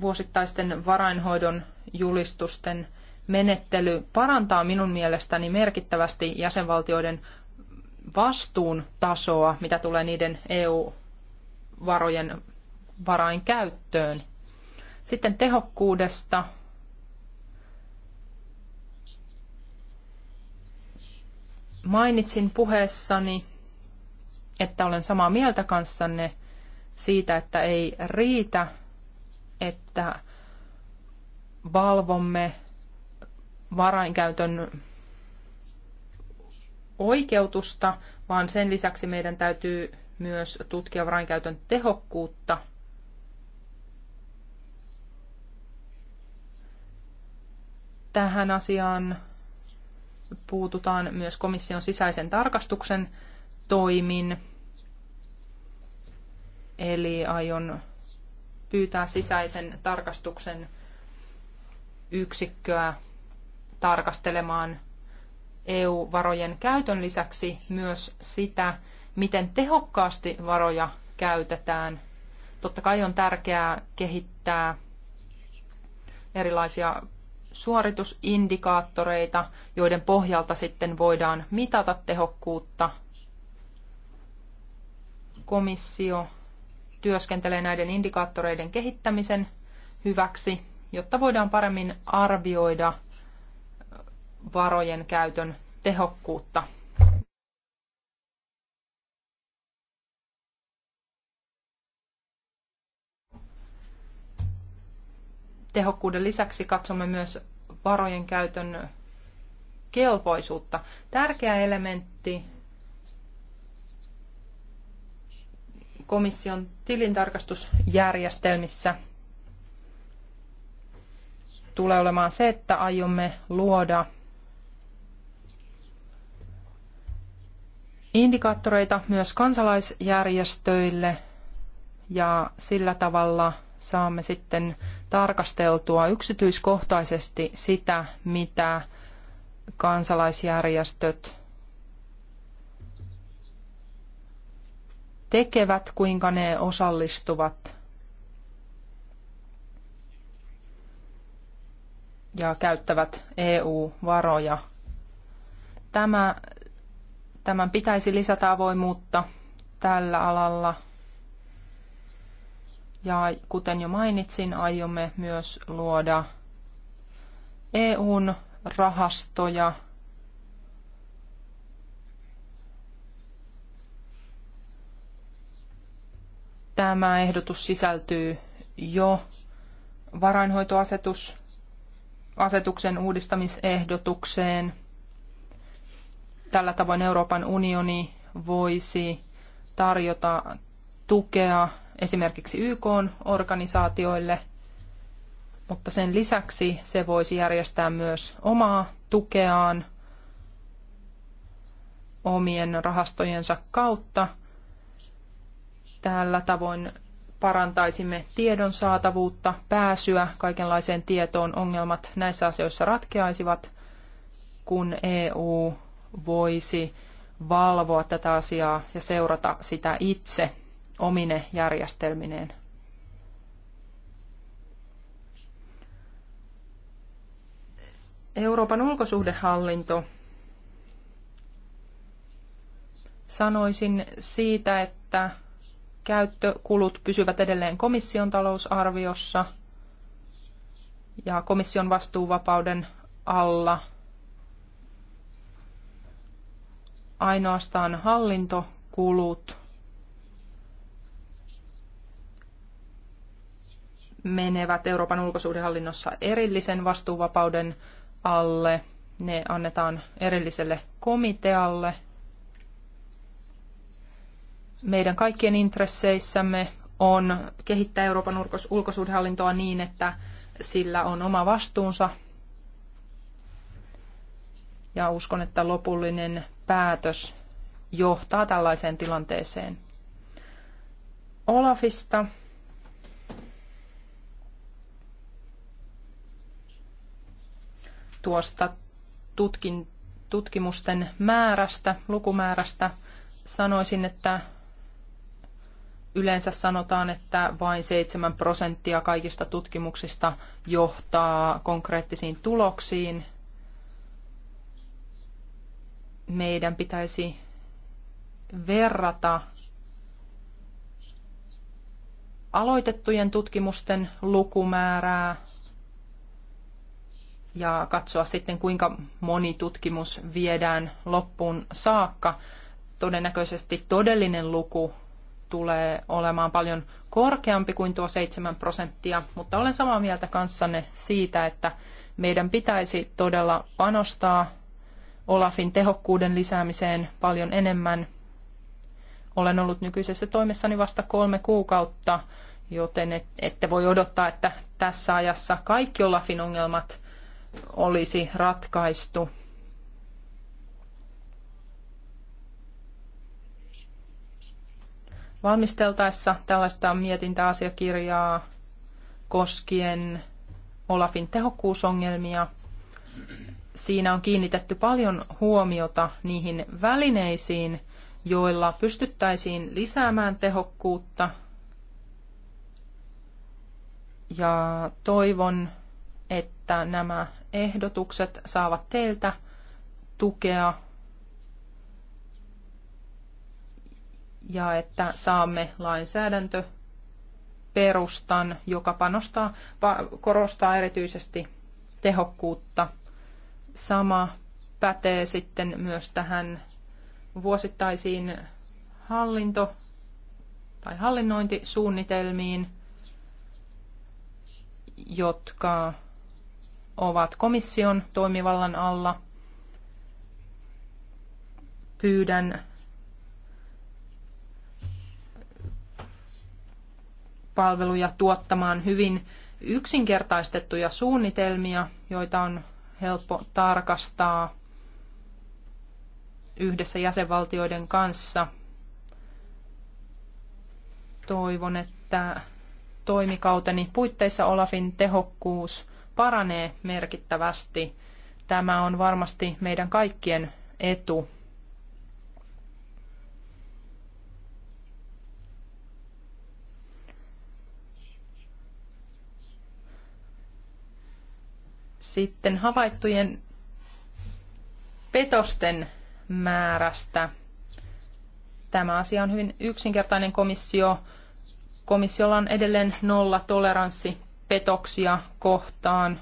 Vuosittaisten varainhoidon julistusten menettely parantaa minun mielestäni merkittävästi jäsenvaltioiden vastuun tasoa, mitä tulee niiden EU-varojen varain käyttöön. Sitten tehokkuudesta. Mainitsin puheessani, että olen samaa mieltä kanssanne siitä, että ei riitä, että valvomme varainkäytön oikeutusta, vaan sen lisäksi meidän täytyy myös tutkia varainkäytön tehokkuutta – Tähän asiaan puututaan myös komission sisäisen tarkastuksen toimin. Eli aion pyytää sisäisen tarkastuksen yksikköä tarkastelemaan EU-varojen käytön lisäksi myös sitä, miten tehokkaasti varoja käytetään. Totta kai on tärkeää kehittää erilaisia suoritusindikaattoreita, joiden pohjalta sitten voidaan mitata tehokkuutta. Komissio työskentelee näiden indikaattoreiden kehittämisen hyväksi, jotta voidaan paremmin arvioida varojen käytön tehokkuutta. tehokkuuden lisäksi katsomme myös varojen käytön kelpoisuutta. Tärkeä elementti komission tilintarkastusjärjestelmissä tulee olemaan se, että aiomme luoda indikaattoreita myös kansalaisjärjestöille ja sillä tavalla saamme sitten tarkasteltua yksityiskohtaisesti sitä, mitä kansalaisjärjestöt tekevät, kuinka ne osallistuvat ja käyttävät EU-varoja. Tämä, tämän pitäisi lisätä avoimuutta tällä alalla – ja kuten jo mainitsin, aiomme myös luoda EUn rahastoja Tämä ehdotus sisältyy jo asetuksen uudistamisehdotukseen. Tällä tavoin Euroopan unioni voisi tarjota tukea esimerkiksi YK-organisaatioille, mutta sen lisäksi se voisi järjestää myös omaa tukeaan omien rahastojensa kautta. Tällä tavoin parantaisimme tiedon saatavuutta, pääsyä kaikenlaiseen tietoon. Ongelmat näissä asioissa ratkeaisivat, kun EU voisi valvoa tätä asiaa ja seurata sitä itse omine järjestelmineen. Euroopan ulkosuhdehallinto sanoisin siitä, että käyttökulut pysyvät edelleen komission talousarviossa ja komission vastuuvapauden alla. Ainoastaan hallintokulut menevät Euroopan ulkosuhdehallinnossa erillisen vastuuvapauden alle. Ne annetaan erilliselle komitealle. Meidän kaikkien intresseissämme on kehittää Euroopan ulkosuhdehallintoa niin, että sillä on oma vastuunsa. Ja uskon, että lopullinen päätös johtaa tällaiseen tilanteeseen. Olafista tuosta tutkin, tutkimusten määrästä, lukumäärästä. Sanoisin, että yleensä sanotaan, että vain 7 prosenttia kaikista tutkimuksista johtaa konkreettisiin tuloksiin. Meidän pitäisi verrata aloitettujen tutkimusten lukumäärää ja katsoa sitten, kuinka moni tutkimus viedään loppuun saakka. Todennäköisesti todellinen luku tulee olemaan paljon korkeampi kuin tuo 7 prosenttia, mutta olen samaa mieltä kanssanne siitä, että meidän pitäisi todella panostaa Olafin tehokkuuden lisäämiseen paljon enemmän. Olen ollut nykyisessä toimessani vasta kolme kuukautta, joten ette voi odottaa, että tässä ajassa kaikki Olafin ongelmat olisi ratkaistu. Valmisteltaessa tällaista mietintäasiakirjaa koskien Olafin tehokkuusongelmia, siinä on kiinnitetty paljon huomiota niihin välineisiin, joilla pystyttäisiin lisäämään tehokkuutta. Ja toivon, että nämä ehdotukset saavat teiltä tukea ja että saamme lainsäädäntö perustan, joka panostaa, korostaa erityisesti tehokkuutta. Sama pätee sitten myös tähän vuosittaisiin hallinto- tai hallinnointisuunnitelmiin, jotka ovat komission toimivallan alla. Pyydän palveluja tuottamaan hyvin yksinkertaistettuja suunnitelmia, joita on helppo tarkastaa yhdessä jäsenvaltioiden kanssa. Toivon, että toimikauteni puitteissa Olafin tehokkuus paranee merkittävästi. Tämä on varmasti meidän kaikkien etu. Sitten havaittujen petosten määrästä. Tämä asia on hyvin yksinkertainen komissio. Komissiolla on edelleen nolla toleranssi petoksia kohtaan.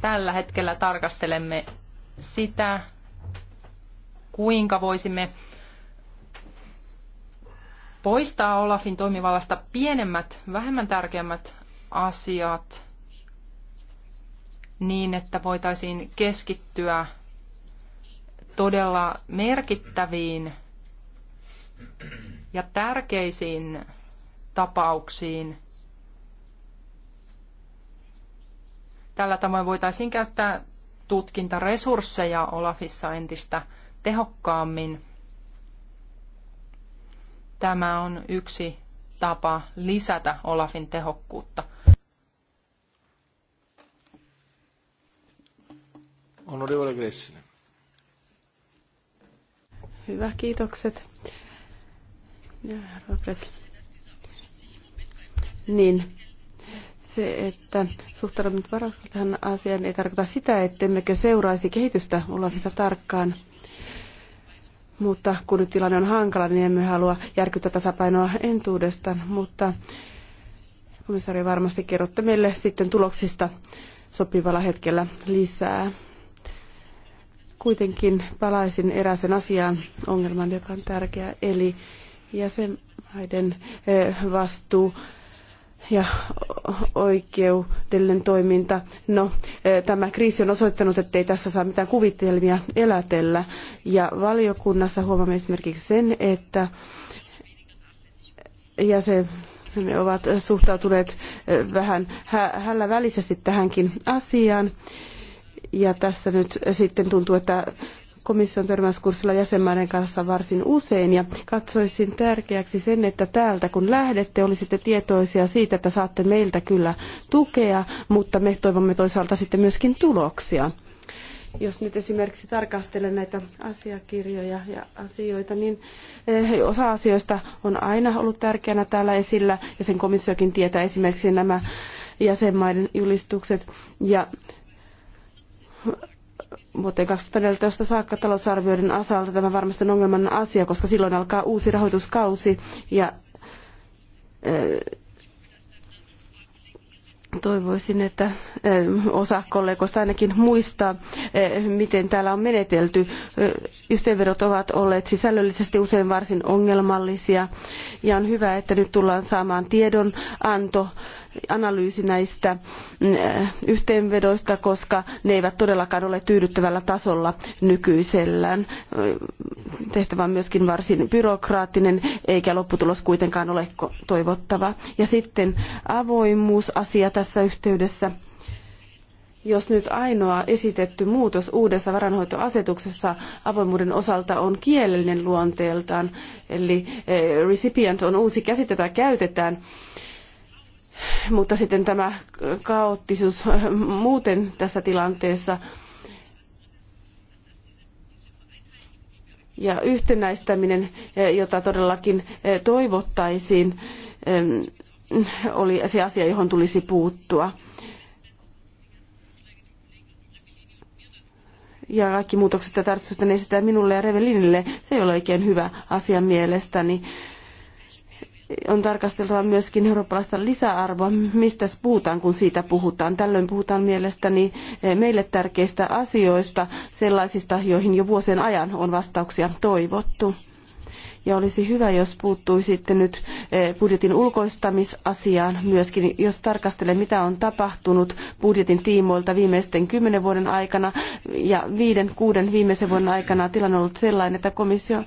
Tällä hetkellä tarkastelemme sitä, kuinka voisimme poistaa Olafin toimivallasta pienemmät, vähemmän tärkeämmät asiat niin, että voitaisiin keskittyä todella merkittäviin ja tärkeisiin tapauksiin tällä tavoin voitaisiin käyttää tutkintaresursseja Olafissa entistä tehokkaammin. Tämä on yksi tapa lisätä Olafin tehokkuutta. Onorevole Gressinen. Hyvä, kiitokset. Niin, se, että suhtaudumme varauksella tähän asiaan, ei tarkoita sitä, ettemmekö seuraisi kehitystä Olafissa tarkkaan. Mutta kun nyt tilanne on hankala, niin emme halua järkyttää tasapainoa entuudesta, Mutta komissaari varmasti kerrotte meille sitten tuloksista sopivalla hetkellä lisää. Kuitenkin palaisin eräisen asiaan, ongelman, joka on tärkeä, eli jäsenmaiden eh, vastuu ja oikeudellinen toiminta. No, eh, tämä kriisi on osoittanut, ettei tässä saa mitään kuvitelmia elätellä. Ja valiokunnassa huomaamme esimerkiksi sen, että jäsen ne ovat suhtautuneet eh, vähän hällä tähänkin asiaan. Ja tässä nyt sitten tuntuu, että komission törmäyskurssilla jäsenmaiden kanssa varsin usein ja katsoisin tärkeäksi sen, että täältä kun lähdette, olisitte tietoisia siitä, että saatte meiltä kyllä tukea, mutta me toivomme toisaalta sitten myöskin tuloksia. Jos nyt esimerkiksi tarkastelen näitä asiakirjoja ja asioita, niin eh, osa asioista on aina ollut tärkeänä täällä esillä ja sen komissiokin tietää esimerkiksi nämä jäsenmaiden julistukset ja vuoteen 2014 saakka talousarvioiden osalta tämä varmasti on ongelman asia, koska silloin alkaa uusi rahoituskausi ja eh, toivoisin, että eh, osa kollegoista ainakin muistaa, eh, miten täällä on menetelty. Yhteenvedot ovat olleet sisällöllisesti usein varsin ongelmallisia ja on hyvä, että nyt tullaan saamaan tiedonanto analyysi näistä mm, eh, yhteenvedoista, koska ne eivät todellakaan ole tyydyttävällä tasolla nykyisellään. Eh, tehtävä on myöskin varsin byrokraattinen, eikä lopputulos kuitenkaan ole toivottava. Ja sitten avoimuusasia tässä yhteydessä. Jos nyt ainoa esitetty muutos uudessa varanhoitoasetuksessa avoimuuden osalta on kielellinen luonteeltaan, eli eh, recipient on uusi käsite, jota käytetään mutta sitten tämä kaoottisuus muuten tässä tilanteessa ja yhtenäistäminen, jota todellakin toivottaisiin, oli se asia, johon tulisi puuttua. ja kaikki muutokset ja tarkistukset ne minulle ja Revelinille. Se ei ole oikein hyvä asia mielestäni on tarkasteltava myöskin eurooppalaista lisäarvoa, mistä puhutaan, kun siitä puhutaan. Tällöin puhutaan mielestäni eh, meille tärkeistä asioista, sellaisista, joihin jo vuosien ajan on vastauksia toivottu. Ja olisi hyvä, jos puuttuisitte nyt eh, budjetin ulkoistamisasiaan myöskin, jos tarkastelee, mitä on tapahtunut budjetin tiimoilta viimeisten kymmenen vuoden aikana ja viiden, kuuden viimeisen vuoden aikana tilanne on ollut sellainen, että komissio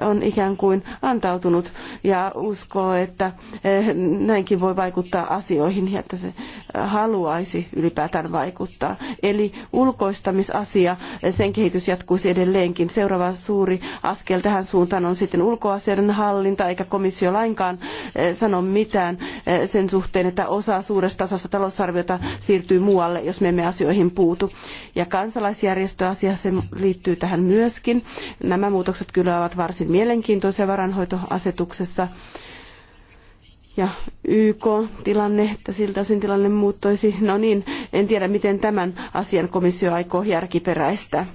on ikään kuin antautunut ja uskoo, että eh, näinkin voi vaikuttaa asioihin ja että se haluaisi ylipäätään vaikuttaa. Eli ulkoistamisasia, sen kehitys jatkuisi edelleenkin. Seuraava suuri askel tähän suuntaan on sitten ulkoistaminen ulkoasioiden hallinta eikä komissio lainkaan eh, sano mitään eh, sen suhteen, että osa suuresta osasta talousarviota siirtyy muualle, jos me emme asioihin puutu. Ja kansalaisjärjestöasia se liittyy tähän myöskin. Nämä muutokset kyllä ovat varsin mielenkiintoisia varanhoitoasetuksessa ja YK-tilanne, että siltä osin tilanne muuttuisi. No niin, en tiedä miten tämän asian komissio aikoo järkiperäistää.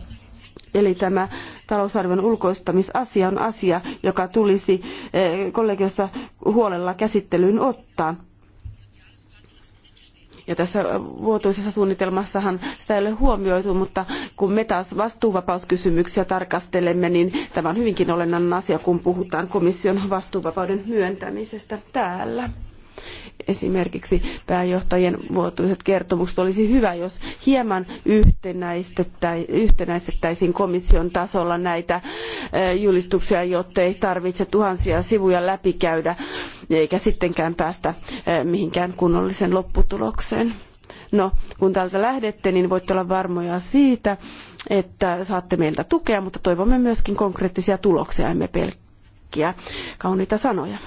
Eli tämä talousarvion ulkoistamisasia on asia, joka tulisi eh, kollegiossa huolella käsittelyyn ottaa. Ja tässä vuotuisessa suunnitelmassahan sitä ei ole huomioitu, mutta kun me taas vastuuvapauskysymyksiä tarkastelemme, niin tämä on hyvinkin olennainen asia, kun puhutaan komission vastuuvapauden myöntämisestä täällä esimerkiksi pääjohtajien vuotuiset kertomukset. Olisi hyvä, jos hieman yhtenäistettäisiin komission tasolla näitä julistuksia, jottei tarvitse tuhansia sivuja läpikäydä eikä sittenkään päästä mihinkään kunnolliseen lopputulokseen. No, kun täältä lähdette, niin voitte olla varmoja siitä, että saatte meiltä tukea, mutta toivomme myöskin konkreettisia tuloksia, emme pelkkiä kauniita sanoja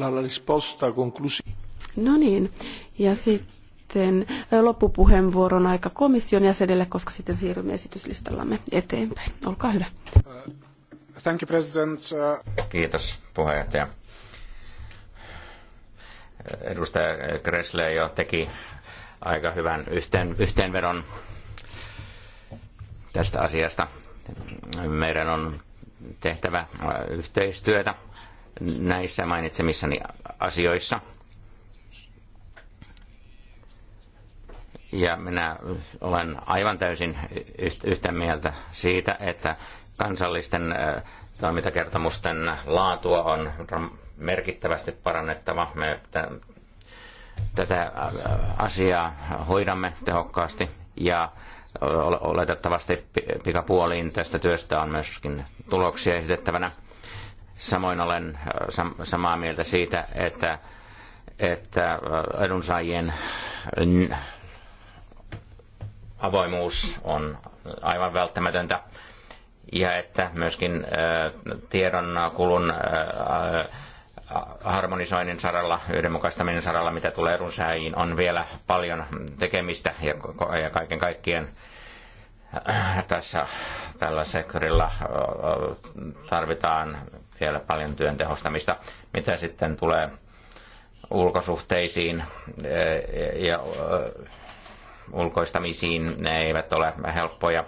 la risposta conclusiva. No niin, ja sitten loppupuheenvuoron aika komission jäsenelle, koska sitten siirrymme esityslistallamme eteenpäin. Olkaa hyvä. Uh, thank you, President. Uh, Kiitos, puheenjohtaja. Edustaja Kresle jo teki aika hyvän yhteen, yhteenvedon tästä asiasta. Meidän on tehtävä yhteistyötä näissä mainitsemissani asioissa. Ja minä olen aivan täysin yhtä mieltä siitä, että kansallisten toimintakertomusten laatua on merkittävästi parannettava. Me tätä asiaa hoidamme tehokkaasti ja oletettavasti pikapuoliin tästä työstä on myöskin tuloksia esitettävänä Samoin olen äh, samaa mieltä siitä, että, että äh, edunsaajien äh, avoimuus on aivan välttämätöntä ja että myöskin tiedon kulun harmonisoinnin saralla, yhdenmukaistaminen saralla, mitä tulee edunsaajiin, on vielä paljon tekemistä ja, ja kaiken kaikkien tässä tällä sektorilla tarvitaan vielä paljon työn tehostamista. Mitä sitten tulee ulkosuhteisiin eh, ja eh, ulkoistamisiin, ne eivät ole helppoja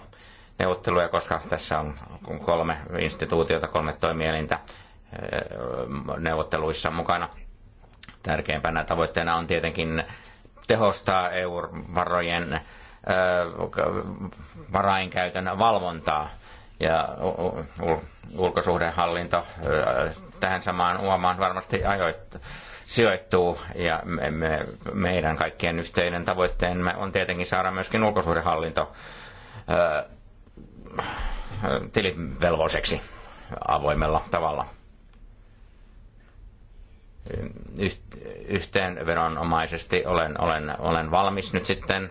neuvotteluja, koska tässä on kolme instituutiota, kolme toimielintä eh, neuvotteluissa mukana. Tärkeimpänä tavoitteena on tietenkin tehostaa EU-varojen varainkäytön valvontaa ja ulkosuhdehallinto tähän samaan uomaan varmasti ajoittu, sijoittuu ja me, me, meidän kaikkien yhteinen tavoitteemme on tietenkin saada myöskin ulkosuhdehallinto tilivelvoiseksi avoimella tavalla. yhteenvedonomaisesti olen, olen, olen valmis nyt sitten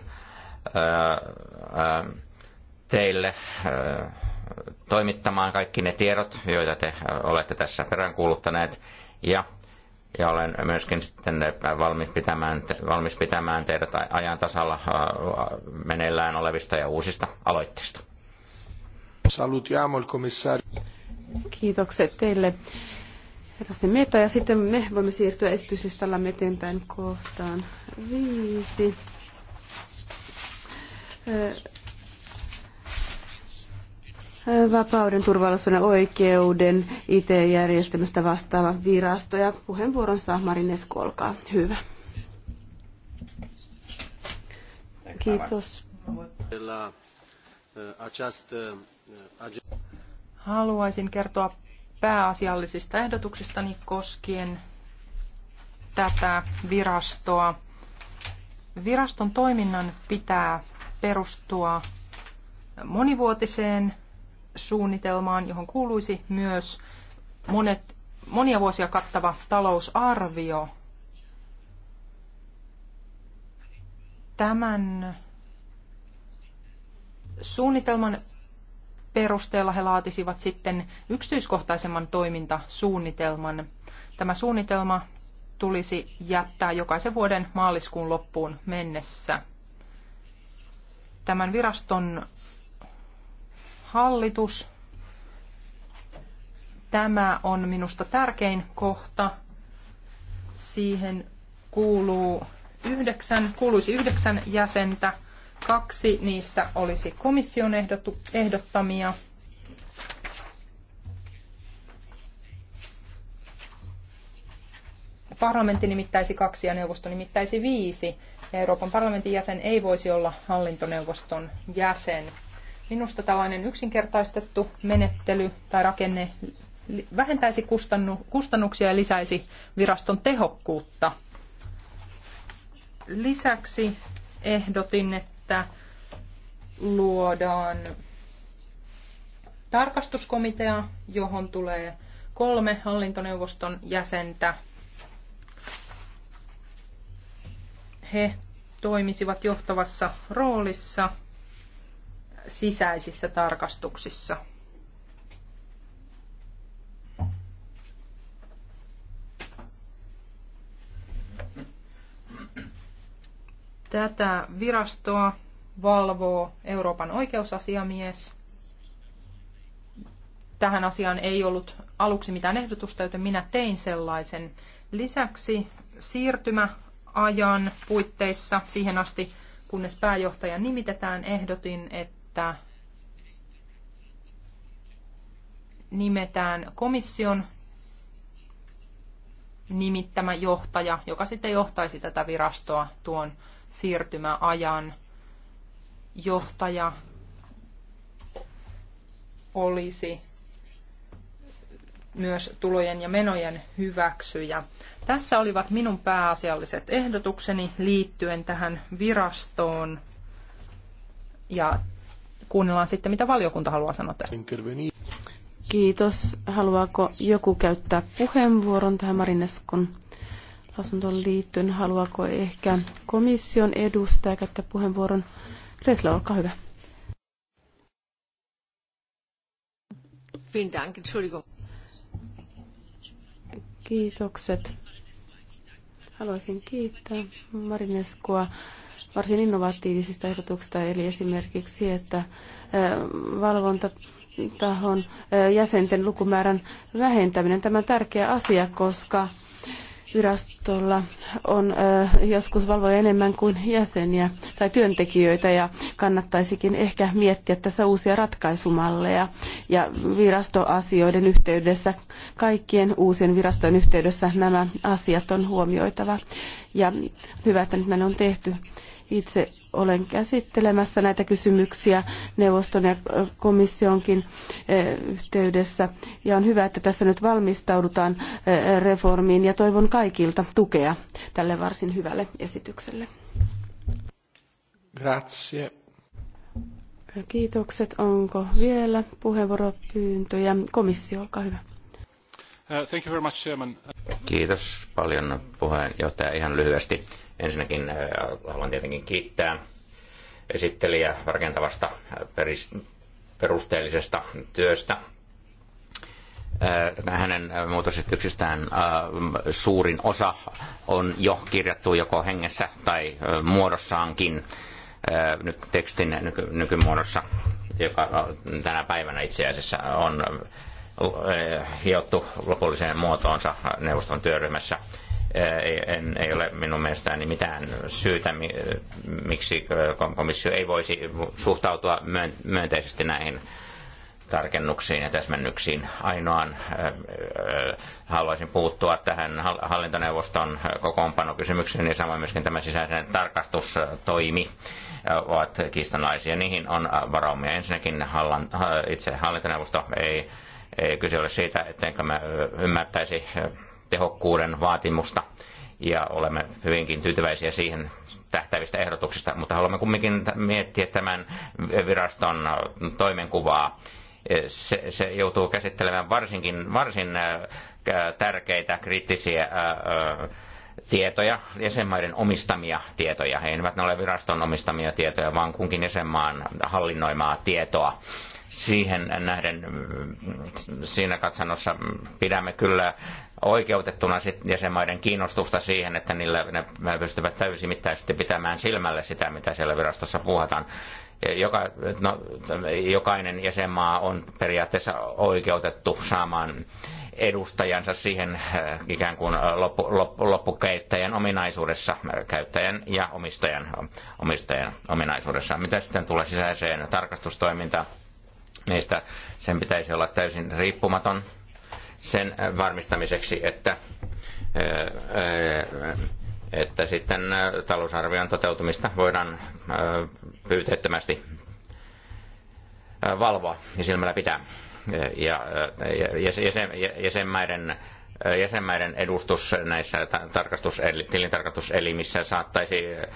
teille toimittamaan kaikki ne tiedot, joita te äh, olette tässä peräänkuuluttaneet. Ja, ja olen myöskin sitten äh, valmis pitämään, valmis pitämään teidät ajan tasalla äh, meneillään olevista ja uusista aloitteista. Salutiamo il commissario. Kiitokset teille. Herrasi Meta, ja sitten me voimme siirtyä esityslistalla eteenpäin kohtaan viisi vapauden, turvallisuuden, oikeuden, IT-järjestelmästä vastaava virasto. Ja puheenvuoron saa Marin olkaa hyvä. Kiitos. Haluaisin kertoa pääasiallisista ehdotuksistani koskien tätä virastoa. Viraston toiminnan pitää perustua monivuotiseen suunnitelmaan, johon kuuluisi myös monet, monia vuosia kattava talousarvio. Tämän suunnitelman perusteella he laatisivat sitten yksityiskohtaisemman toimintasuunnitelman. Tämä suunnitelma tulisi jättää jokaisen vuoden maaliskuun loppuun mennessä. Tämän viraston hallitus. Tämä on minusta tärkein kohta. Siihen kuuluu yhdeksän, kuuluisi yhdeksän jäsentä. Kaksi niistä olisi komission ehdottamia. Parlamentti nimittäisi kaksi ja neuvosto nimittäisi viisi. Ja Euroopan parlamentin jäsen ei voisi olla hallintoneuvoston jäsen. Minusta tällainen yksinkertaistettu menettely tai rakenne vähentäisi kustannuksia ja lisäisi viraston tehokkuutta. Lisäksi ehdotin, että luodaan tarkastuskomitea, johon tulee kolme hallintoneuvoston jäsentä. He toimisivat johtavassa roolissa sisäisissä tarkastuksissa. Tätä virastoa valvoo Euroopan oikeusasiamies. Tähän asiaan ei ollut aluksi mitään ehdotusta, joten minä tein sellaisen. Lisäksi siirtymäajan puitteissa siihen asti, kunnes pääjohtaja nimitetään, ehdotin, että että nimetään komission nimittämä johtaja, joka sitten johtaisi tätä virastoa tuon siirtymäajan. Johtaja olisi myös tulojen ja menojen hyväksyjä. Tässä olivat minun pääasialliset ehdotukseni liittyen tähän virastoon. Ja kuunnellaan sitten, mitä valiokunta haluaa sanoa tästä. Kiitos. Haluaako joku käyttää puheenvuoron tähän Marineskon lausuntoon liittyen? Haluaako ehkä komission edustaja käyttää puheenvuoron? Kresla, olkaa hyvä. Kiitokset. Haluaisin kiittää Marineskoa varsin innovatiivisista ehdotuksista, eli esimerkiksi, että valvonta tahon jäsenten lukumäärän vähentäminen. Tämä on tärkeä asia, koska virastolla on joskus valvoja enemmän kuin jäseniä tai työntekijöitä ja kannattaisikin ehkä miettiä tässä uusia ratkaisumalleja ja virastoasioiden yhteydessä, kaikkien uusien virastojen yhteydessä nämä asiat on huomioitava ja hyvä, että nyt näin on tehty. Itse olen käsittelemässä näitä kysymyksiä neuvoston ja komissionkin eh, yhteydessä. Ja on hyvä, että tässä nyt valmistaudutaan eh, reformiin ja toivon kaikilta tukea tälle varsin hyvälle esitykselle. Grazie. Kiitokset. Onko vielä puheenvuoropyyntöjä? Komissio, olkaa hyvä. Uh, thank you very much, Chairman. Kiitos paljon puheenjohtaja. Ihan lyhyesti Ensinnäkin äh, haluan tietenkin kiittää esittelijä rakentavasta äh, perusteellisesta työstä. Äh, hänen muutosesityksistään suurin osa on jo kirjattu joko hengessä tai muodossaankin nyt tekstin nyky, nykymuodossa, joka tänä päivänä itse asiassa on hiottu lopulliseen muotoonsa neuvoston työryhmässä ei, en, ei ole minun mielestäni mitään syytä, miksi komissio ei voisi suhtautua myönteisesti näihin tarkennuksiin ja täsmennyksiin. Ainoan haluaisin puuttua tähän hallintoneuvoston kokoonpanokysymykseen ja samoin myöskin tämä sisäisen tarkastustoimi ovat kiistanlaisia. Niihin on varaumia. Ensinnäkin itse hallintoneuvosto ei, ei kyse ole siitä, ettenkö mä ymmärtäisi tehokkuuden vaatimusta ja olemme hyvinkin tyytyväisiä siihen tähtävistä ehdotuksista, mutta haluamme kumminkin miettiä tämän viraston toimenkuvaa. E, se, se joutuu käsittelemään varsinkin, varsin tärkeitä kriittisiä ää, tietoja, jäsenmaiden omistamia tietoja. He ne ole viraston omistamia tietoja, vaan kunkin jäsenmaan hallinnoimaa tietoa. Siihen nähden mm, siinä katsannossa pidämme kyllä oikeutettuna jäsenmaiden kiinnostusta siihen, että niillä ne pystyvät täysimittaisesti pitämään silmällä sitä, mitä siellä virastossa puhutaan. Joka, no, jokainen jäsenmaa on periaatteessa oikeutettu saamaan edustajansa siihen äh, ikään kuin äh, loppu, loppu, loppukäyttäjän ominaisuudessa, äh, käyttäjän ja omistajan, omistajan ominaisuudessa. Mitä sitten tulee sisäiseen tarkastustoimintaan? Niistä sen pitäisi olla täysin riippumaton sen varmistamiseksi, että että sitten talousarvion toteutumista voidaan pyyteettömästi valvoa ja silmällä pitää ja jäsen, jäsenmaiden jäsenmaiden edustus näissä tarkastus, tilintarkastuselimissä saattaisi äh,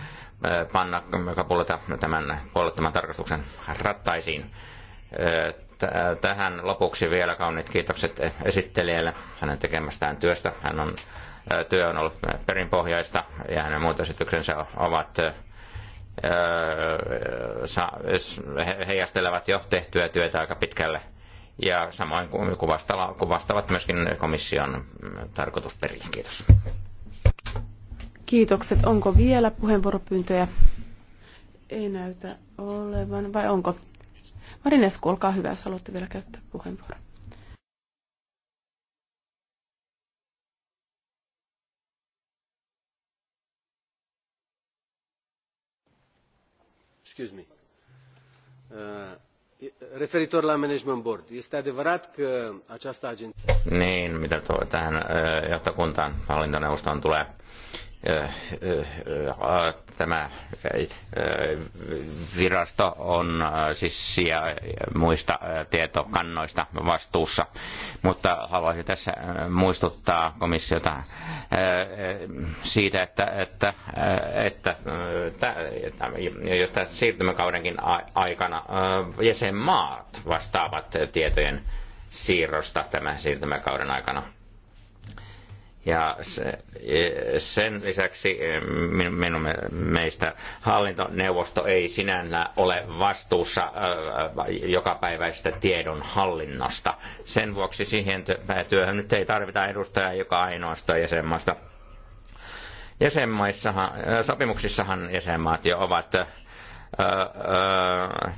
panna kapuleta tämän puolettoman tarkastuksen rattaisiin. Äh, tähän lopuksi vielä kauniit kiitokset esittelijälle hänen tekemästään työstä. Hän on, äh, työ on ollut perinpohjaista ja hänen muutosityksensä ovat heijastelevat jo tehtyä työtä aika pitkälle – ja samoin kuvastavat myöskin komission tarkoitusperiä. Kiitos. Kiitokset. Onko vielä puheenvuoropyyntöjä? Ei näytä olevan, vai onko? Marines, olkaa hyvä, jos haluatte vielä käyttää puheenvuoron. Excuse me. Uh referitor la management board. Este adevărat că această agenție... Niin, mitä tuo tähän johtokuntaan hallintoneuvostoon tulee, tämä eh, virasto on eh, siis eh, muista tietokannoista vastuussa, mutta haluaisin tässä muistuttaa komissiota siitä, että, että, että, että, että siirtymäkaudenkin aikana jäsenmaat vastaavat tietojen siirrosta tämän siirtymäkauden aikana ja se, e, sen lisäksi e, minun meistä hallintoneuvosto ei sinällä ole vastuussa jokapäiväisestä tiedon hallinnosta. Sen vuoksi siihen työhön nyt ei tarvita edustajaa joka ainoastaan jäsenmaista. Jäsenmaissahan, sopimuksissahan jäsenmaat jo ovat öö, öö,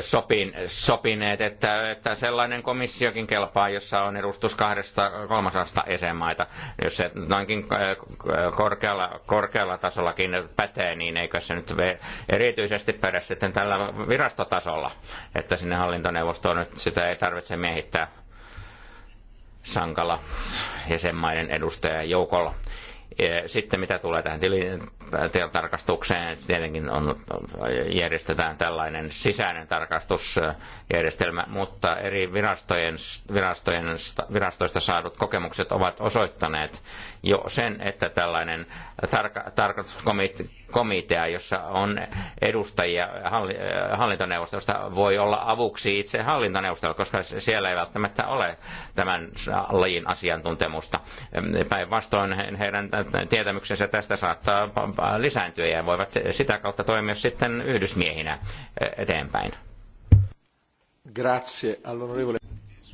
sopin, sopineet, että, että sellainen komissiokin kelpaa, jossa on edustus kahdesta kolmasasta jäsenmaita. Jos se noinkin korkealla, korkealla tasollakin pätee, niin eikö se nyt erityisesti päde sitten tällä virastotasolla, että sinne hallintoneuvostoon nyt sitä ei tarvitse miehittää sankalla jäsenmaiden edustajan joukolla. Sitten mitä tulee tähän tilintarkastukseen, tietenkin on, järjestetään tällainen sisäinen tarkastusjärjestelmä, mutta eri virastojen, virastojen, virastoista saadut kokemukset ovat osoittaneet, jo sen, että tällainen tarka- tarkastuskomitea, jossa on edustajia halli- hallintoneuvostosta, voi olla avuksi itse hallintoneuvostolle, koska siellä ei välttämättä ole tämän lajin asiantuntemusta. Päinvastoin heidän tietämyksensä tästä saattaa lisääntyä ja voivat sitä kautta toimia sitten yhdysmiehinä eteenpäin. Grazie all'onorevole.